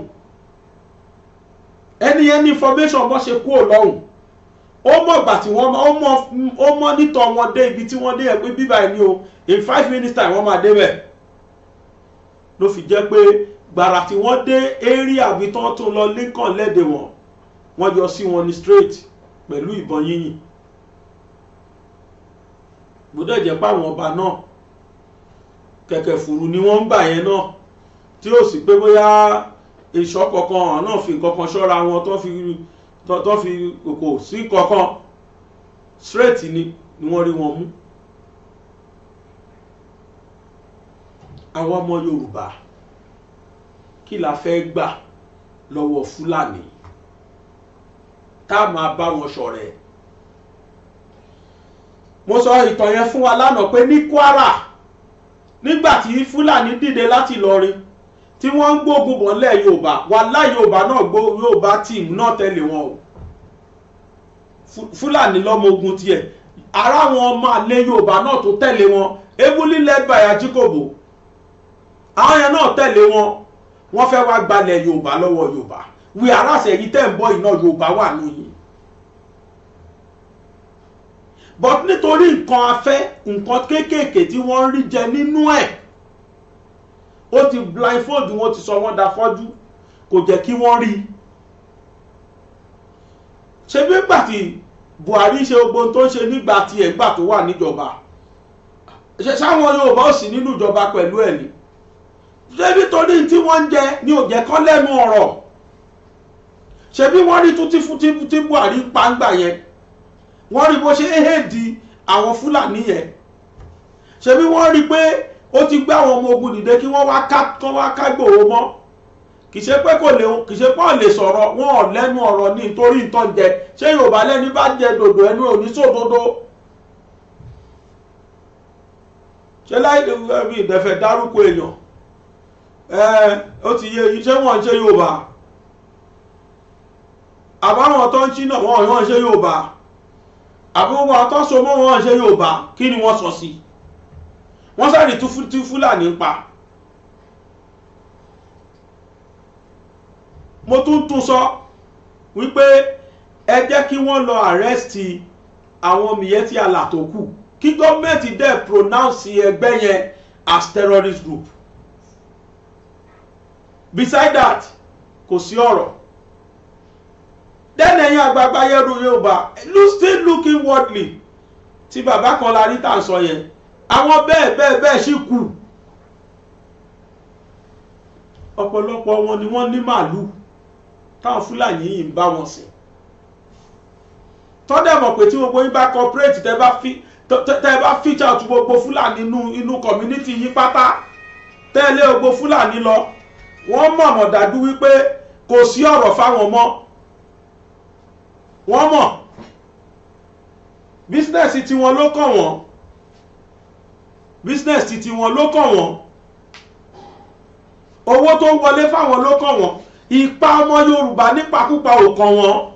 ẹni yẹn ní information bó ṣe kúrò lọ́hùn ó mọ̀ bá tí wọ́n ó mọ̀ nítọ̀ wọn dé ibi tí wọ́n dé ẹ̀ pé bíbá ẹni o in five minutes time wọ́n máa débẹ̀ ló fi jẹ́ pé gbàrà tí wọ́n dé area àbí tó tún lọ Lincoln lẹ́dẹ̀ wọ̀n wọ́n yọ sí wọn ní straight pẹ̀lú ìbọn yínyìn gbọ́dọ̀ jẹ́ páwọn ọba náà kẹ̀kẹ́ fùrù ni wọ́n ń gbà yẹn náà tí ó sì pé bóyá ìṣọ́ kankan àwọn náà fi kankan ṣọ́ra wọn tó fi kòkò sí kankan straight ni ni wọ́n rí wọn mú àwọn ọmọ Yorùbá kí la fẹ́ gbà lọ́wọ́ Fúlàní tá a máa bá wọn ṣọ̀rẹ́ mo sọ ìtàn yẹn fún wa lánàá pé ní Kwara nígbà tí Fúlàní dìde láti Ìlọrin tí wọ́n ń gbógun bọ̀ lẹ́ Yorùbá wàhálà Yorùbá náà gbó Yorùbá tíìmù náà tẹ̀lé wọn o Fúlàní lọ́mọ ogun tiẹ̀ ara wọn ọmọ àlè Yorùbá náà tó tẹ̀lé wọn ebúlí lẹ́gbàá Ajíkòbó àwọn yẹn náà tẹ̀lé wọn wọ́n fẹ́ wá gbalẹ̀ Yorùbá lọ́wọ́ Yorùbá wí aráàsì ẹ̀yìn tẹ́ ń bọ́ iná Yorùbá wà lóyìn but nítorí nǹkan afẹ́ nǹkan kéékèèké tí wọ́n ń rí jẹ nínú ẹ̀ ó ti blindfold wọn ti sọ wọ́n da fọ́jú kò jẹ́ kí wọ́n rí i ṣe bí gbà tí Buhari ṣe gbogbo tó ń ṣe nígbà tí ẹ̀gbà tó wà níjọba ṣe sáwọn Yorùbá ò sí nínú ìjọba pẹ̀lú ẹ̀ ni ṣé nítorí tí wọ́n ń jẹ ni ò jẹ́ kọ́ lẹ́nu ọ̀rọ̀ ṣe bí wọ́n rí tútí fún tí Buhari pa ń gbà yẹn wọ́n rí bó ṣe éhèdì àwọn Fúlàní yẹn ṣe bí wọ́n rí pé ó ti gbé àwọn ọmọ ogun dìde kí wọ́n wá ká kán wá ká gbòòrò mọ́ kì í ṣe pé kò lè kì í ṣe pé ọ̀ lè sọ̀rọ̀ wọn ò lẹ́nu ọ̀rọ̀ ní nítorí nǹkan jẹ ṣé Yorùbá lẹ́ni bá jẹ dòdò ẹnu òní sòdodo ṣé láì ìdẹ̀fẹ̀ dárúkọ èèyàn ẹ ó ti yé ṣé wọ́n ń ṣe Yorùbá àbáwọn tó ń ṣínà wọn ìwọ̀n ṣe Yorùbá àbúrò àtọ́sọ mọ́ wọn ṣe Yorùbá kí ni wọ́n sọ sí wọ́n sáré tú Fúlàní pa mo tún tún sọ wípé ẹ jẹ́ kí wọ́n lọ àrẹ́sìtì àwọn Miyetti Allah tó kù kí gọ́ọ̀mẹ̀ntì dẹ̀ pronounce ẹgbẹ́ yẹn as terrorist group beside that kò sí ọ̀rọ̀ dẹ́nu ẹ̀yin àgbààgbà yẹ́rù yorùbá still looking worldly tí bàbá kan la rí tà ń sọ yẹn àwọn bẹ́ẹ̀ bẹ́ẹ̀ bẹ́ẹ̀ sì kù ọ̀pọ̀lọpọ̀ wọn ni wọ́n ní màálùú táwọn fúlàní yìí ń bá wọn sìn tọ́dẹ̀ mọ̀ pé tí gbogbo yín bá cooperate tẹ́ bá fi tẹ́ bá feature tu gbogbo fúlàní inú community yín pátá tẹ́ lé gbogbo fúlàní lọ wọ́n mọ̀mọ̀ dájú wípé kò sí ọ̀rọ̀ fáwọn mọ́ wọ́n mọ̀ bísínẹ́sì tiwọn ló kàn wọ́n bísínẹ́sì tiwọn ló kàn wọ́n owó tó wọlé fáwọn ló kàn wọ́n ipa ọmọ Yorùbá nípakúpa ò kàn wọ́n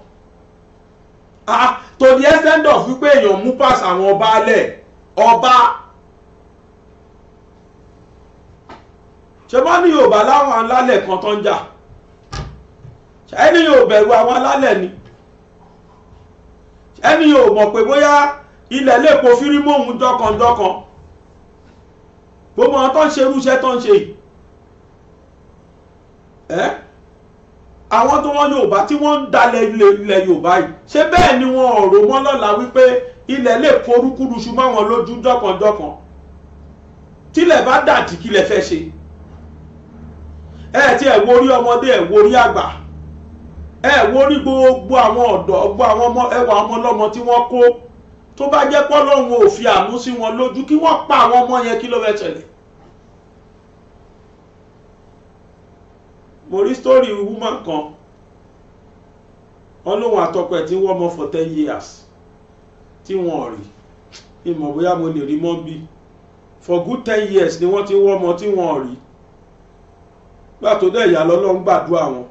to the extent of wípé èèyàn mú pass àwọn ọba alẹ̀ ọba ṣe mọ́ ní Yorùbá láwọn alálẹ̀ kan tó ń jà ẹni yóò bẹ̀rù àwọn alálẹ̀ ni ẹni ò mọ̀ pé bóyá ilẹ̀ lè po fírímù òun jọkànjọkàn gbogbo àwọn tó ń ṣe irúṣẹ́ tó ń ṣe yìí ẹ́ àwọn tó wọn Yorùbá tí wọ́n ń dalẹ̀ ilẹ̀ Yorùbá yìí ṣé bẹ́ẹ̀ ni wọn ò rò mọ́ lọ́la wípé ilẹ̀ lè forúkúru ṣùgbọ́n wọn lójú jọkànjọkàn tílẹ̀ bá dàtí kílẹ̀ fẹ́ ṣe ẹ̀ tí ẹ̀ wo orí ọmọdé ẹ̀ wo orí àgbà ẹ wo rí gbogbo àwọn ọ̀dọ́ gbogbo àwọn ọmọ ẹwà ọmọ ọlọ́mọ tí wọ́n kó tó bá jẹ́ pọ́lọ́hún ò fi àánú sí wọn lójú kí wọ́n pa àwọn ọmọ yẹn kí ló fẹ́ ṣẹlẹ̀ mo rí sítórì woman kan wọn lóun àtọkọ ẹ̀ tí wọ́n mọ for ten years tí wọ́n rí ìmọ̀ bóyá mo lè rí mọ́ bí for good ten years ni wọ́n ti wọ́n mọ tí wọ́n rí gbà tó dẹ̀ ìyá lọ́lọ́ ń gbàdúrà wọn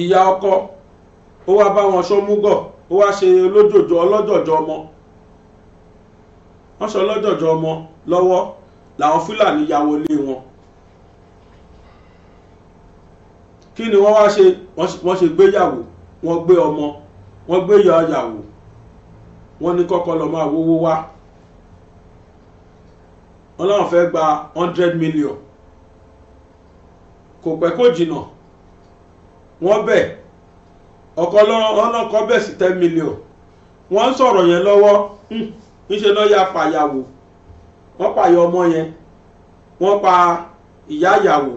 ìyá ọkọ ó wá bá wọn ṣómúgọ̀ ó wá ṣe olójòjò ọlọ́jọ̀jọ̀ ọmọ wọ́n ṣe ọlọ́jọ̀jọ̀ ọmọ lọ́wọ́ làwọn fúlàní ya wọlé wọn kí ni wọ́n wá ṣe wọ́n ṣe gbéyàwó wọ́n gbé ọmọ wọ́n gbé yàyàwó wọ́n ní kọ́kọ́ lọ́ọ́ máa wówó wá wọ́n láwọn fẹ́ gba hundred million kò pẹ́ kó jìnnà wọ́n bẹ̀ ọ̀kan ọlọ́kọ̀ bẹ̀ sí ten million wọ́n ń sọ̀rọ̀ yẹn lọ́wọ́ hmm, ńṣe lọ́ọ́ ya pàyàwó wọ́n pàyà ọmọ yẹn wọ́n pa ìyá ìyàwó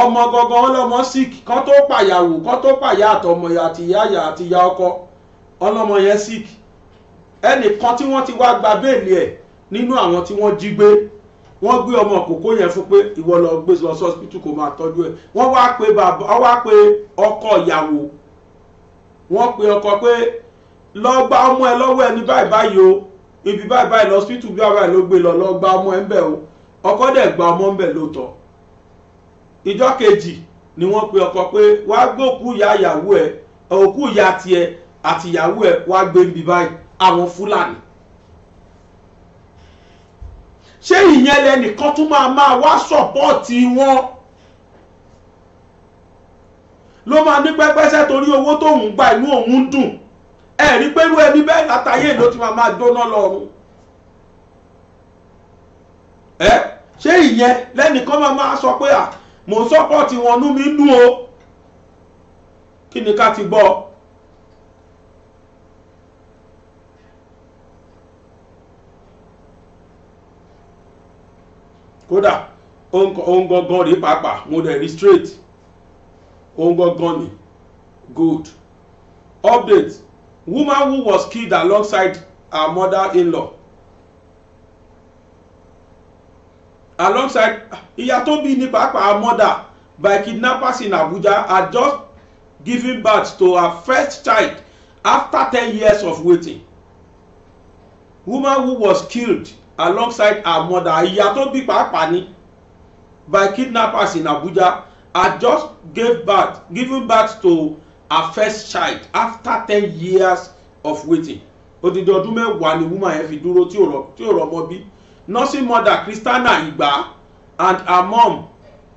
ọmọ gangan ọlọ́mọ sick kán tó pàyàwó kán tó pàyà àtọmọ àti ìyá ìyá àti ìyá ọkọ ọlọ́mọ yẹn sick ẹnìkan tí wọ́n ti wá gba béèlì ẹ̀ nínú àwọn tí wọ́n jí gbé wọ́n gbé ọmọ kókó yẹn fún pé ìwọ lọ gbé lọ sọ́spítù kó máa tọ́jú ẹ̀ wọ́n wá pé bàbá wọ́n wá pé ọkọ ìyàwó wọ́n pe ọkọ pé lọ gba ọmọ ẹ lọ́wọ́ ẹ ní báyìí báyìí o ibi báyìí báyìí lọ́spítù bí báyìí ló gbé lọ lọ gba ọmọ ẹ ń bẹ̀ o ọkọ dẹ̀ gba ọmọ ń bẹ̀ lóòótọ́ ìjọ kejì ni wọ́n pe ọkọ pé wàá gbé òkú ìyá ìyàwó ẹ òkú ìyá tiẹ̀ àtìyàwó ẹ wàá gbé ń báyìí àwọn fúlàní ṣé ìyẹn lẹnìkan tún máa máa wá sọ̀pọ́ọ̀tì wọn ló máa ní pẹ́pẹ́sẹ́ torí owó tóun gba inú òun dùn ẹ̀rí pẹ̀lú ẹni bẹ́ẹ̀ látàyè ló ti máa máa dóná lọ́rùn ẹ ṣé ìyẹn lẹ́nìkan máa máa sọ pé à mò ń sọ́pọ́ọ̀tì wọn nú mi dùn o kí ni ká ti gbọ́ ọ. kódà ohun gangan rèé pàápàá mo dẹ̀ rí straight ohun gangan ni good update woman who was killed alongside her mother-in-law alongside ìyá tó bí ní pàápàá her mother by kidnappers in Abuja had just given birth to her first child after ten years of waiting woman who was killed alongside her mother ìyá tó bí pàápàá ni by kidnappers in Abuja had just gave birth given birth to her first child after ten years of waiting odidi ọdún mẹ́wàá ni woman yẹn fi dúró tí ò rọ́mọ bí nursing mother Christiana Igba and her mom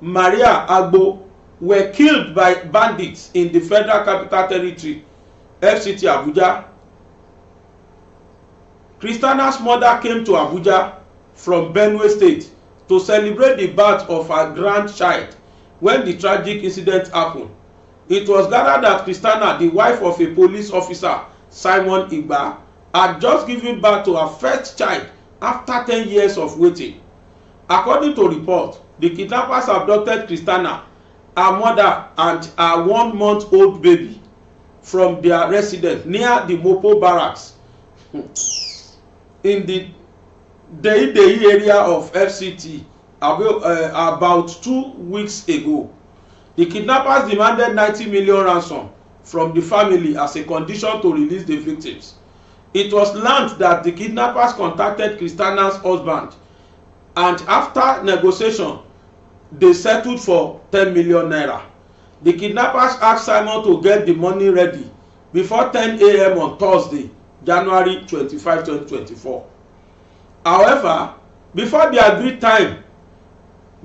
Maria Agbo were killed by bandits in the Federal Capital Territory FCT Abuja Christiana's mother came to Abuja from Benue State to celebrate the birth of her grandchild when the tragic incident happened. It was gathered that Christiana, the wife of a police officer, Simon Igba, had just given birth to her first child after 10 years of waiting. According to report, the kidnappers abducted Christiana, her mother, and her one-month-old baby from their residence near the Mopo barracks. in the Dei Dei area of FCT eh, about two weeks ago. The kidnappers demanded 90 million ransom from the family as a condition to release the victims. It was learned that the kidnappers contacted Christiana's husband and after negotiation, they settled for 10 million naira. The kidnappers asked Simon to get the money ready before 10 a.m. on Thursday January 25, 2024. However, before the agreed time,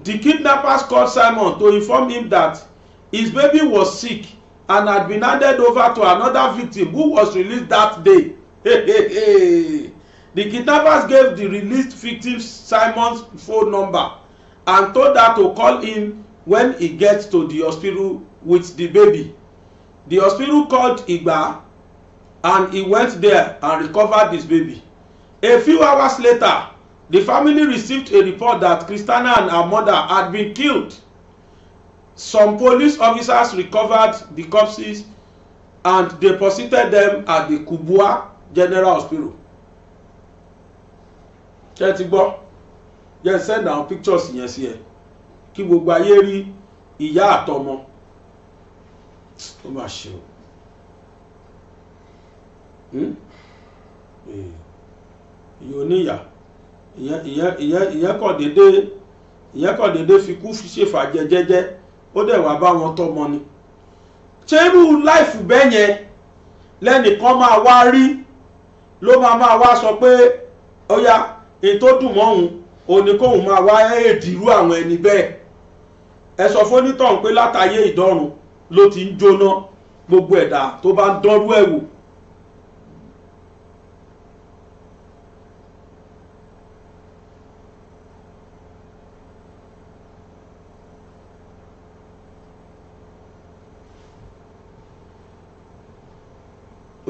the kidnappers called Simon to inform him that his baby was sick and had been handed over to another victim who was released that day. The kidnappers gave the released victim Simon's phone number and told her to call him when he gets to the hospital with the baby. The hospital called Igba and he went there and recovered his baby. A few hours later, the family received a report that Christiana and her mother had been killed. Some police officers recovered the corpses and deposited them at the Kubwa General Hospital. ṣé ti gbọ́ yẹn send down pictures yẹn sí ẹ kí gbogbo ayé rí ìyá àtọmọ ó mà ṣe o ìyá hmm? oníyà ìyẹn kọ̀ dédé ìyẹn kọ̀ dédé fi kú ṣèfàjẹ jẹ́jẹ́ ó dẹ̀ wá bá wọn tọmọ ni ṣerú láìfù bẹ́ẹ̀ yẹn lẹ́nìkan máa wá rí ló máa máa wá sọ pé ó yá èyí tó dùn mọ́ òun òun ni kóun máa wá èdìrú àwọn ẹni bẹ́ẹ̀ ẹ sọ fónítàn pé látàyè ìdọ́run ló ti ń jóná gbogbo ẹ̀dá tó bá ń dọ́rú ẹ̀ wò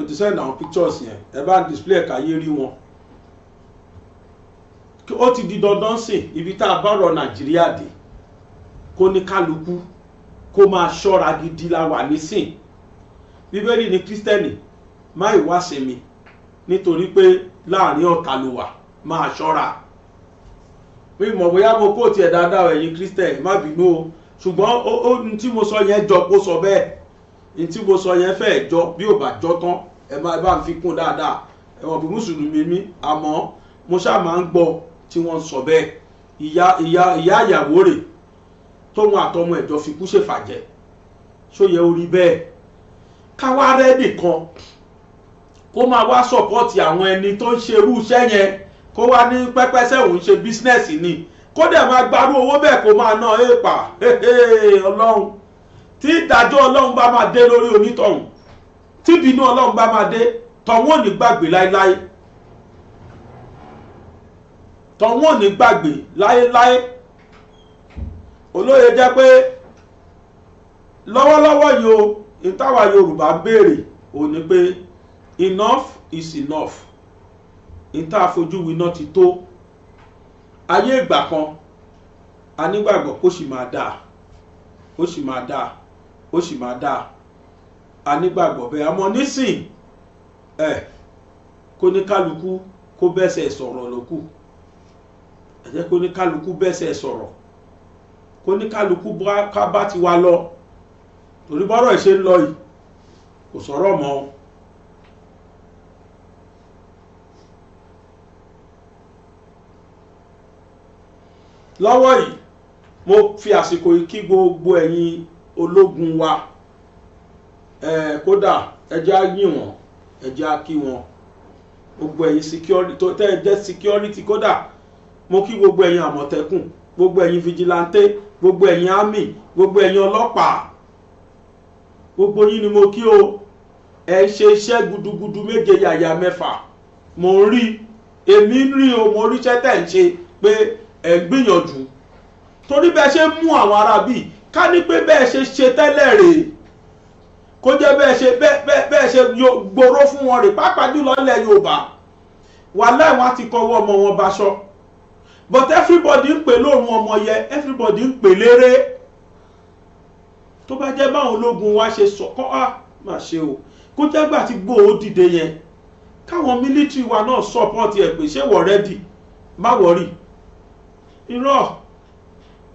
o ti send àwọn pictures yẹn ẹ bá display ẹ̀ka yé rí wọn ó ti di dandan sìn ibi tá a bá rọ nàìjíríà dé kó ní kálukú kó máa ṣọ́ra gidi la wà nísìn bíbélì ni kírísítẹ́nì má ìwá sinmi nítorí pé láàrin ọ̀tá ló wà máa ṣọ́ra mi mọ̀ bóyá mo kó tiẹ̀ dáadáa ẹ̀yin kírísítẹ́nì má bínú o ṣùgbọ́n ohun tí mo sọ yẹn jọ kó sọ bẹ́ẹ̀ n tí mo sọ yẹn fẹ́ẹ́ jọ bí ò bá jọ tán ẹ máa bá ń fi kún dáadáa ẹ̀wọ̀n bí mùsùlùmí mi àmọ́ mo ṣáà máa ń gbọ́ tí wọ́n sọ bẹ́ẹ̀ ìyá ìyá ìyá ìyàwó rẹ̀ tóun àtọmọ ẹ̀jọ́ fi kú ṣèfàjẹ́ ṣó yẹ orí bẹ́ẹ̀ káwá rẹ́dì kan kó máa wá sọ̀pọ́ọ̀tì àwọn ẹni tó ń ṣerú iṣẹ́ yẹn kó wá ní pẹ́pẹ́sẹ́ òun ṣe bísínẹ́sì ni kó dẹ̀ máa gbarú owó bẹ́ẹ̀ kó máa ná èèpà ọlọ́run tí ìdájọ́ ọlọ́run bá máa dé lórí onítọ̀hún tí ìbínú ọlọ́run bá máa dé tọ̀hún ò ní gbàgbé láéláé tọ̀hún ò ní gbàgbé láéláé olóye jẹ́ pé lọ́wọ́lọ́wọ́ yìí o ìtawà yorùbá ń béèrè ò ní pé enough is enough ìta àfojúwi náà ti tó ayé ìgbà kan a nígbàgbọ́ kó sì máa dáa ó sì máa dáa ó sì máa dáa a nígbàgbọ́ bẹ́ẹ̀ àmọ́ nísìn ẹ̀ kó ní kálukú kó bẹ́sẹ̀ sọ̀rọ̀ lókù ẹ jẹ́ kó ní kálukú bẹ́sẹ̀ sọ̀rọ̀ kó ní kálukú ká bá ti wá lọ torí bọ́rọ̀ ìṣe ń lọ yìí kò sọ̀rọ̀ mọ́ lọ́wọ́ yìí mo fi àsìkò yìí kí gbogbo ẹ̀yin ológun wa kódà ẹjẹ́ á yìn wọ́n ẹjẹ́ á kí wọn gbogbo ẹ̀yin security tó tẹ́ ẹ jẹ́ security kódà mo kí gbogbo ẹ̀yin àmọ̀tẹ́kùn gbogbo ẹ̀yin vigilante gbogbo ẹ̀yin army gbogbo ẹ̀yin ọlọ́pàá gbogbo yín ni mo kí o ẹ ṣe iṣẹ́ gudugudu méje yàyà mẹ́fà mo ń rí èmi ń rí o mo ríṣẹ́ tẹ̀ ń ṣe pé ẹ̀ ń gbìyànjú torí bẹ́ẹ̀ ṣe mú àwọn arábì ká ní pé bẹ́ẹ̀ ṣe ṣe tẹ́lẹ̀ rèé kó jẹ́ bẹ́ẹ̀ ṣe bẹ́ẹ̀ ṣe gbòòrò fún wọn rèé pàápàá jùlọ ilẹ̀ Yorùbá wàláì wọn ti kọ́wọ́ ọmọ wọn baṣọ but everybody ń pè lóòrùn ọmọ yẹ everybody ń pè léré tó bá jẹ́ báwọn ológun wa ṣe sọ̀kọ́ ah, á mà ṣe o kó jẹ́ gbà tí Ìgbòho dìde yẹn káwọn mílítírì wa náà support ẹ̀ pé ṣé wọ́n rẹ́dì má wọ́rì irọ́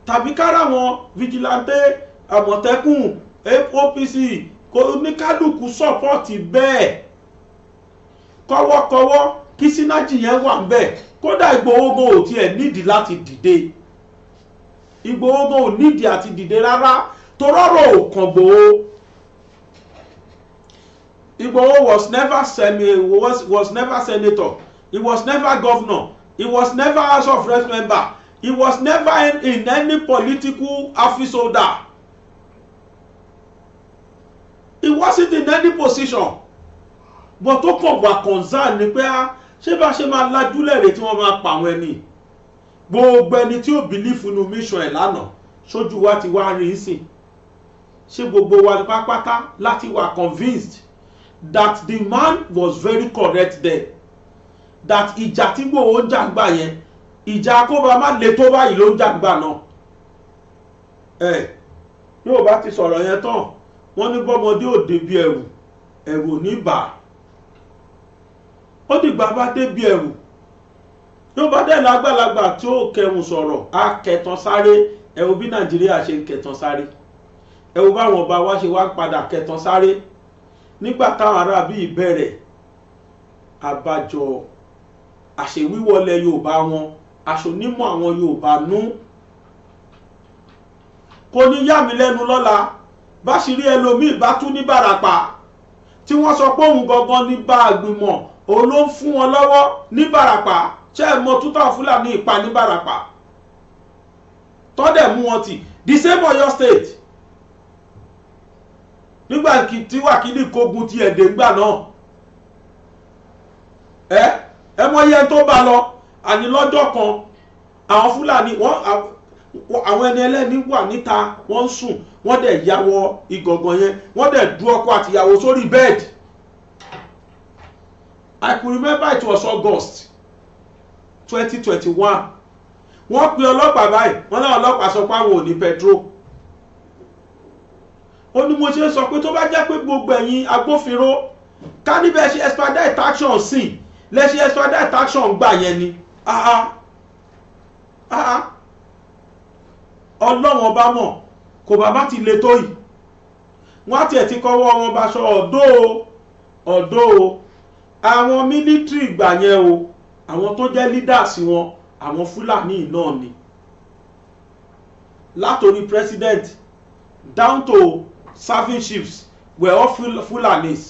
tàbí kára wọn vigilante àmọ̀tẹ́kùn OPC kò ní kálukú sọ́pọ́ọ̀tì bẹ́ẹ̀ kọ́wọ́kọ́wọ́ kí sínájì yẹn wà ń bẹ̀ kódà Ìgbòho gan ò tiẹ̀ nídìí láti dìde Ìgbòho gan ò nídìí àti dìde rárá torọ́rọ̀ ò kàn Ìgbòho Ìgbòho was never semi was, was never senator he was never governor he was never house of rest member He was never in, in any political office holder. He wasn't in any position. But ó kàn wà concern ni pé ah, ṣé bá ṣe máa lajúlẹ̀ rè tí wọ́n máa pa àwọn ẹni. Gbogbo ẹni tí ò bìlífù nu mission ẹ̀ lánàá sójú wa ti wá rìn sí. Ṣé gbogbo wa pátápátá láti wà convinced that the man was very correct there. That ìjà tí Ìgbòho jà gbà yẹn ìjà akóba má le tó báyìí ló ń jàgbà náà ẹ yóò bá ti sọ̀rọ̀ yẹn tán wọ́n ní bọ́mọdé ò débi ẹ̀wù ẹ̀wù ò ní bà ó dìgbà bá débi ẹ̀wù yóò bá dẹ̀ lágbàlagbà tí ó kẹhùn sọ̀rọ̀ á kẹtàn sáré ẹ̀wù bí nàìjíríà ṣe ń kẹtàn sáré ẹ̀wù báwọn ọba wa ṣe wá padà kẹtàn sáré nígbà táwọn aráabí ìbẹ̀rẹ̀ abájọ àṣewíwọlẹ̀ yorùbá wọn àṣonímọ̀ àwọn Yorùbá nú kò ní yà mí lẹ́nu lọ́la bá sì rí ẹlòmíì bá tún ní bàràpà tí wọ́n sọ pé òun gangan ní bá àgbìmọ̀ òun ló ń fún wọn lọ́wọ́ ní bàràpà ṣé ẹ̀ mọ tútà Fúlàní ìpa ní bàràpà tọ́dẹ̀ mú wọn tì the same Ọ̀yọ́ state nígbà tí wàkílì kógun ti ẹ̀dẹ̀ ńgbà náà ẹ ẹ mọ iye tó bá lọ àní lọ́jọ́ kan àwọn fúlàní wọ́n àwọn ẹni ẹlẹ́ni wà níta wọ́n ń sùn wọ́n dẹ̀ ya wọ ìgàngàn yẹn wọ́n dẹ̀ du ọkọ àtìyàwó sórí bẹ́ẹ̀dì I could remember it was August twenty twenty one wọ́n pe ọlọ́pàá báyìí wọ́n náà ọlọ́pàá sọ pé àwọn ò ní petrol ó ní mo ṣe ń sọ pé tó bá jẹ́ pé gbogbo ẹ̀yin agbófinró ká níbẹ̀ ṣe extradite action sí lẹ́ṣẹ̀ extradite action gbà yẹn ni. Ah, ah. Ah, ọlọ́run ọba mọ̀ kò bàbá ti le tó yìí wọ́n á tiẹ̀ ti kọ́wọ́ wọn baṣọ ọ̀dọ́ o ọ̀dọ́ o àwọn mílítírì gbà yẹn o àwọn tó jẹ́ leaders wọn àwọn fúlàní náà ni látòrí president down to serving chiefs were all fulanis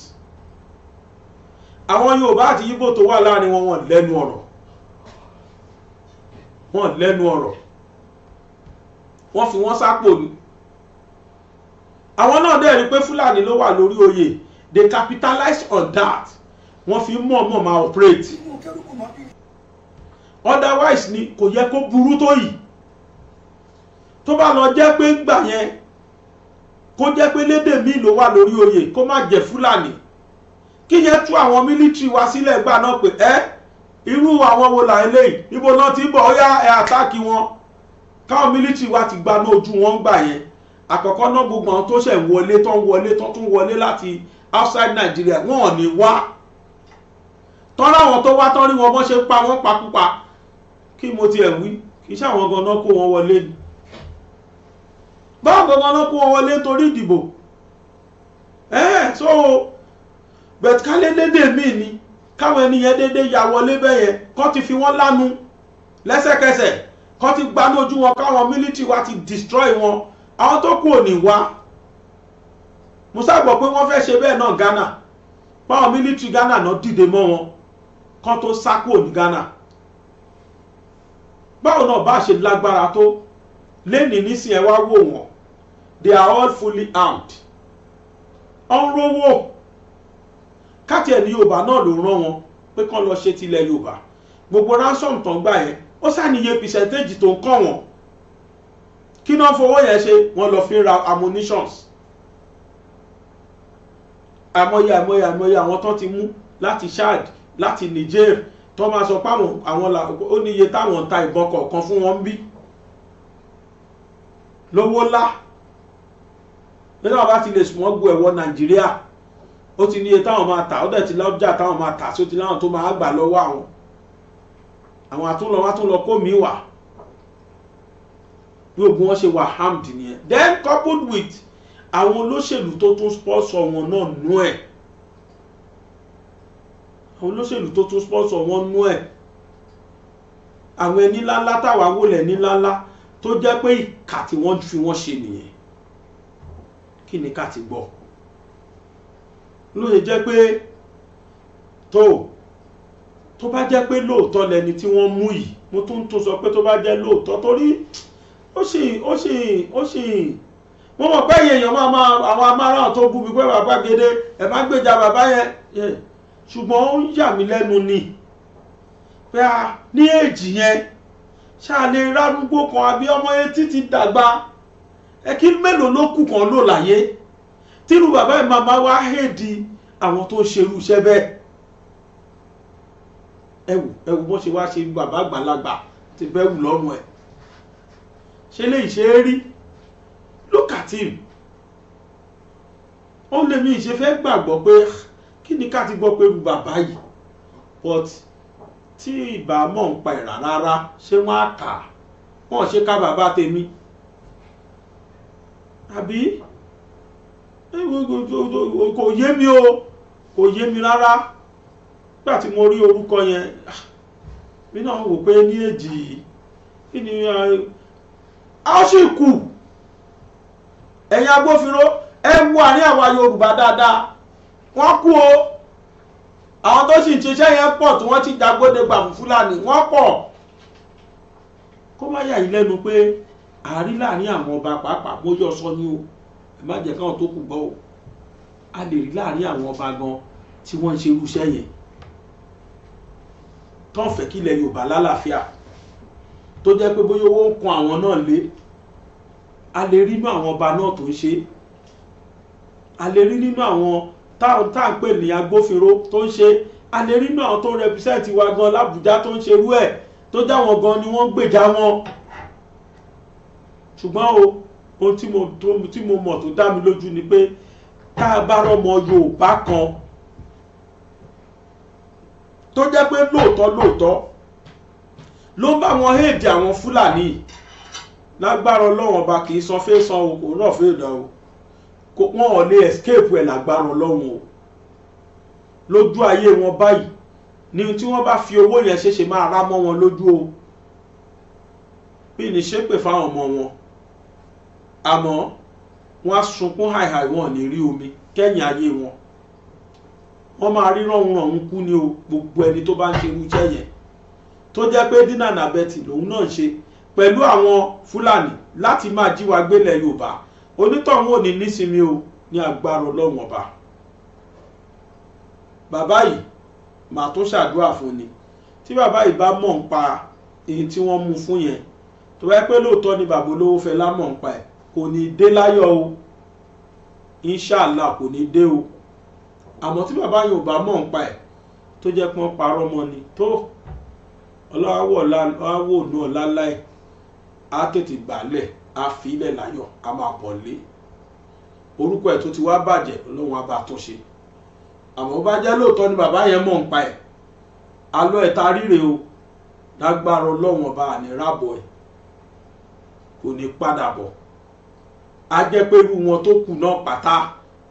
àwọn yorùbá àti yíbò tó wà láàrin wọn wọn lẹ́nu ọ̀rọ̀ wọn lẹ́nu ọ̀rọ̀ wọ́n fi wọ́n sápò ni àwọn náà dẹ̀ rí pé fúlàní ló wà lórí oyè they capitalized on that wọ́n fi mọ̀ọ́mọ̀ máa operate otherwise ni kò yẹ kó burú tó yìí tó bá lọ jẹ́ pé ńgbà yẹn kó jẹ́ pé lédè míì ló wà lórí oyè kó má jẹ́ fúlàní kí yẹn tú àwọn mílítírì wá sílẹ̀ gbà náà pé ẹ́ eh? irú àwọn wo là ń lè ibo náà ti ń bọ̀ ọ́yá ẹ̀ àtàkì wọn káwọn mílítì wa ti gbaná ojú wọn ń gbà yẹn àkọ́kọ́ náà gbogbo àwọn tó ṣẹ̀ ń wọlé tó ń wọlé tó tún wọlé láti outside Nigeria wọn ò ní wá tọ́lá àwọn tó wá tán rí wọn bọ́ ṣe pa wọ́n pakúpa kí mo tiẹ̀ wí kì í ṣàwọn gan-an kó wọn wọlé ni báwo gan-an kó wọn wọlé torí ìdìbò ẹ̀ so bẹ̀tkálélédè míì ni káwọn ènìyàn dédé yà wọlé bẹ́yẹn kán ti fi wọ́n lánu lẹ́sẹ̀kẹsẹ̀ kán ti gbaná ojú wọn káwọn mílítì wa ti destroy wọn àwọn tó kù ò ní wá musa gbọ́ pé wọ́n fẹ́ ṣe bẹ́ẹ̀ náà Ghana báwọn mílítì Ghana náà dìde mọ́ wọn kán tó sá kúrò ní Ghana báwo náà bá ṣe lágbára tó lẹ́nìí nísìnyẹn wá wò wọ́n they are all fully armed ọ̀n rówó káàtì ẹni yorùbá náà ló rán wọn pé kán lọ ṣe tilẹ̀ yorùbá gbogbo ransom tán gbà yẹn ó sàníye percentage tó ń kọ́ wọn kí náà fowó yẹn ṣe wọ́n lọ fi ra ammunitions àmọye àmọye àmọye àwọn tán ti mú láti Chad láti Niger tó máa sọ páwọn àwọn ó níye táwọn ń ta ìbọn kọ̀ọ̀kan fún wọn bí lówó ńlá nígbà wọn bá ti lè sùn wọn gbọ ẹ̀wọ̀ Nàìjíríà ó ti níye táwọn máa tà ó dẹ̀ ti lọ́jà táwọn máa tà sí ó ti láwọn tó máa gbà lọ́wọ́ àwọn àwọn àtúnlọ wọn àtúnlọ kó mi wà bí ogun wọn ṣe wà hamd nìyẹn then coupled with àwọn olóṣèlú tó tún sponsor wọn náà nú ẹ̀ àwọn olóṣèlú tó tún sponsor wọn nú ẹ̀ àwọn ẹni ńláńlá táwa wọlé ẹni ńláńlá tó jẹ́ pé ìkà tí wọ́n fi wọ́n ṣe nìyẹn kí ni ká ti gbọ́ ló ṣe jẹ́ pé tó tó bá jẹ́ pé lóòótọ́ lẹni tí wọ́n mú yìí mo tún tún sọ pé tó bá jẹ́ lóòótọ́ torí ó sì ó sì ó sì wọ́n mọ̀ pé èèyàn máa máa àwọn amáráàn tó bú mi pé bàbá gbede ẹ̀ má gbèjà bàbá yẹn ṣùgbọ́n ó ń yà mí lẹ́nu ni pé a ní èjì yẹn ṣáà lè rárúgbó kan àbí ọmọ etí ti dàgbà ẹ kí mélòó ló kù kan lò láyé tírú bàbá ẹ̀ màmá wa hèdì àwọn tó ń ṣerú iṣẹ́ bẹ́ẹ̀ ẹwù ẹwù bó ṣe wá ṣe bàbá àgbàlagbà ti bẹ́ wù ẹ̀ ṣe lè ṣe é rí look at him ó lè mi ṣe fẹ́ gbàgbọ́ pé kí ni ká ti gbọ́ pé bàbá yìí but tí ìbámọ̀ ń pa ìrà rárá ṣé wọ́n á kà wọ́n ṣe ká bàbá tèmi àbí kò yé mi o kò yé mi rárá nígbà tí mo rí orúkọ yẹn ah, mi náà wò pé ní èjì kí ni ah, a sì kù ẹ̀yin agbófinró ẹ wo àárín àwa Yorùbá dáadáa wọ́n kú o àwọn tó sì ń ṣiṣẹ́ yẹn pọ̀ tí wọ́n ti dàgbóde gbà fún Fúlàní wọ́n pọ̀ kó má yà yí lẹ́nu pé àárí láàrin àwọn ọba pàápàá bójú ọsọ ni o má jẹ́ káwọn tó kù gbọ́ o a lè rí láàrin àwọn ọba gan tí wọ́n ń ṣe irúṣẹ́ yẹn tán fẹ́ kí ilẹ̀ Yorùbá lálàáfíà tó jẹ́ pé bóyá owó ń kan àwọn náà lé a lè rí nínú àwọn ọba náà tó ń ṣe a lè rí nínú àwọn tá à ń pè ní agbófinró tó ń ṣe a lè rí nínú àwọn tó ń rẹpísẹ́ǹtì wa gan l'Ábùjá tó ń ṣerú ẹ̀ tó jáwọn gan ni wọ́n ń gbèjà wọn ṣùgbọ́n o ohun tí mo tí mo mọ̀ tó dá mi lójú ni pé tá a bá rọmọ Yorùbá kan tó jẹ́ pé lóòótọ́ lóòótọ́ ló ń bá wọn héèdì àwọn Fúlàní lágbára Ọlọ́run ọba kì í san fẹ́ san o náà fẹ́ dán o wọn ò lè escape ẹ̀ lágbára Ọlọ́run o lójú ayé wọn báyìí ni tí wọ́n bá fi owó yẹn ṣe ṣe máa rá mọ́ wọn lójú o bí ní ṣépè fáwọn ọmọ wọn àmọ́ wọ́n á sunkún hàìhàì wọn ní rí omi kẹ́yìn ayé wọn wọ́n máa rí rọ̀hún kú ní gbogbo ẹni tó bá ń ṣe irú iṣẹ́ yẹn tó jẹ́ pé dínà nàbẹ́tì lòun náà ń ṣe pẹ̀lú àwọn fúlàní láti máa jíwa gbélẹ̀ yorùbá onítọ̀hún ò ní nísinmi o ní agbára ọlọ́run ọba bàbá yìí màá tún ṣàdúrà fún ni tí bàbá yìí bá mọ̀ ń pa èyí tí wọ́n mú fún yẹn tó bá yẹ lóòótọ́ ni bàbá olówó fẹ́ lámọ̀ ń pa ẹ̀ kò ní dé láyọ̀ o inshàlá kò ní dé o àmọ́ tí bàbá yẹn ò bá mọ̀ ń pa ẹ̀ tó jẹ́ pọ́n parọ́ mọ́ ni tó ọlọ́wọ́ náà láláì á tètè gbálẹ̀ á fi ilẹ̀ láyọ̀ á máa bọ̀ lé orúkọ ẹ̀ tó ti wá bàjẹ́ ọlọ́run á bá tún ṣe àmọ́ bá jẹ́ lóòótọ́ ni bàbá yẹn mọ̀ ń pa ẹ̀ alọ́ ẹ̀ ta ríre o lágbára ọlọ́run ọba àní ẹ̀ kò ní padà bọ̀ a jẹ́ pé irú wọn tó kù náà pátá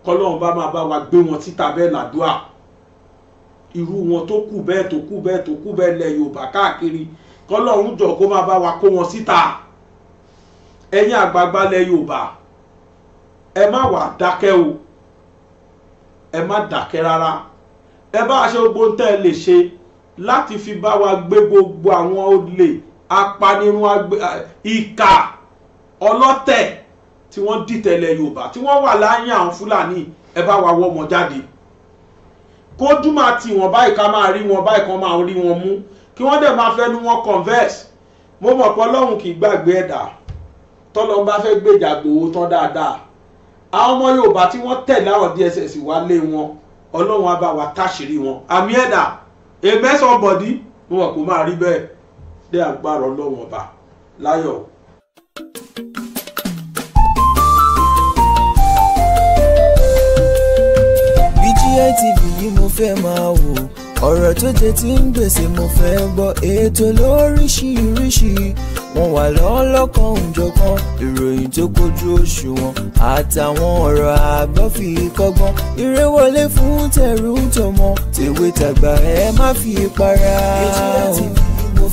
kọ́lọ́run bá máa bá wa gbé wọn títa bẹ́ẹ̀ làdúà irú wọn tó kù bẹ́ẹ̀ tó kù bẹ́ẹ̀ tó kù bẹ́ẹ̀ lẹ̀ Yorùbá káàkiri kọ́lọ́run jọ kó máa bá wa kó wọn síta ẹ̀yin àgbààgbà lẹ̀ Yorùbá ẹ má wà dákẹ́ o ẹ má dákẹ́ rárá ẹ bá a gbogbo tẹ́ ẹ lè ṣe láti fi bá wa gbé gbogbo àwọn olè apanirun ìkà ọlọ́tẹ̀ tí wọ́n dìtẹ̀lẹ̀ yorùbá tí wọ́n wà láyé àwọn fúlàní ẹ bá wa wọ́ ọmọ jáde kó dúmà tí wọ́n báyìí ká máa rí wọn báyìí kan máa rí wọn mú kí wọ́n dẹ̀ máa fẹ́nu wọn converse mo mọ̀ pé ọlọ́run kì í gbàgbé ẹ̀dá tọ́lọ́ bá fẹ́ gbèjà gbòó tán dáadáa àwọn ọmọ yorùbá tí wọ́n tẹ̀lé àwọn dss wá lé wọn ọlọ́run á bá wa táṣìírí wọn àmì ẹ̀dá èmẹ́sàn bọ̀dí mo mọ̀ pé máa rí bẹ́ẹ̀ dé àgbàrọ̀ ọlọ́run ọba láyọ̀ Oríyá TV yìí mo fẹ́ máa wò ọ̀rọ̀ tó jẹ ti ń gbèsè mo fẹ́ gbọ́ ètò lóríṣiríṣi wọn wà lọ́lọ́kan òjọ̀kan ìròyìn tó kojú òṣùwọ̀n àtàwọn ọ̀rọ̀ àgbọ́ fi kọ́gbọ́n eré fún tẹrú tọmọ tèwe tàgbà ẹ má fi para. Oríyá TV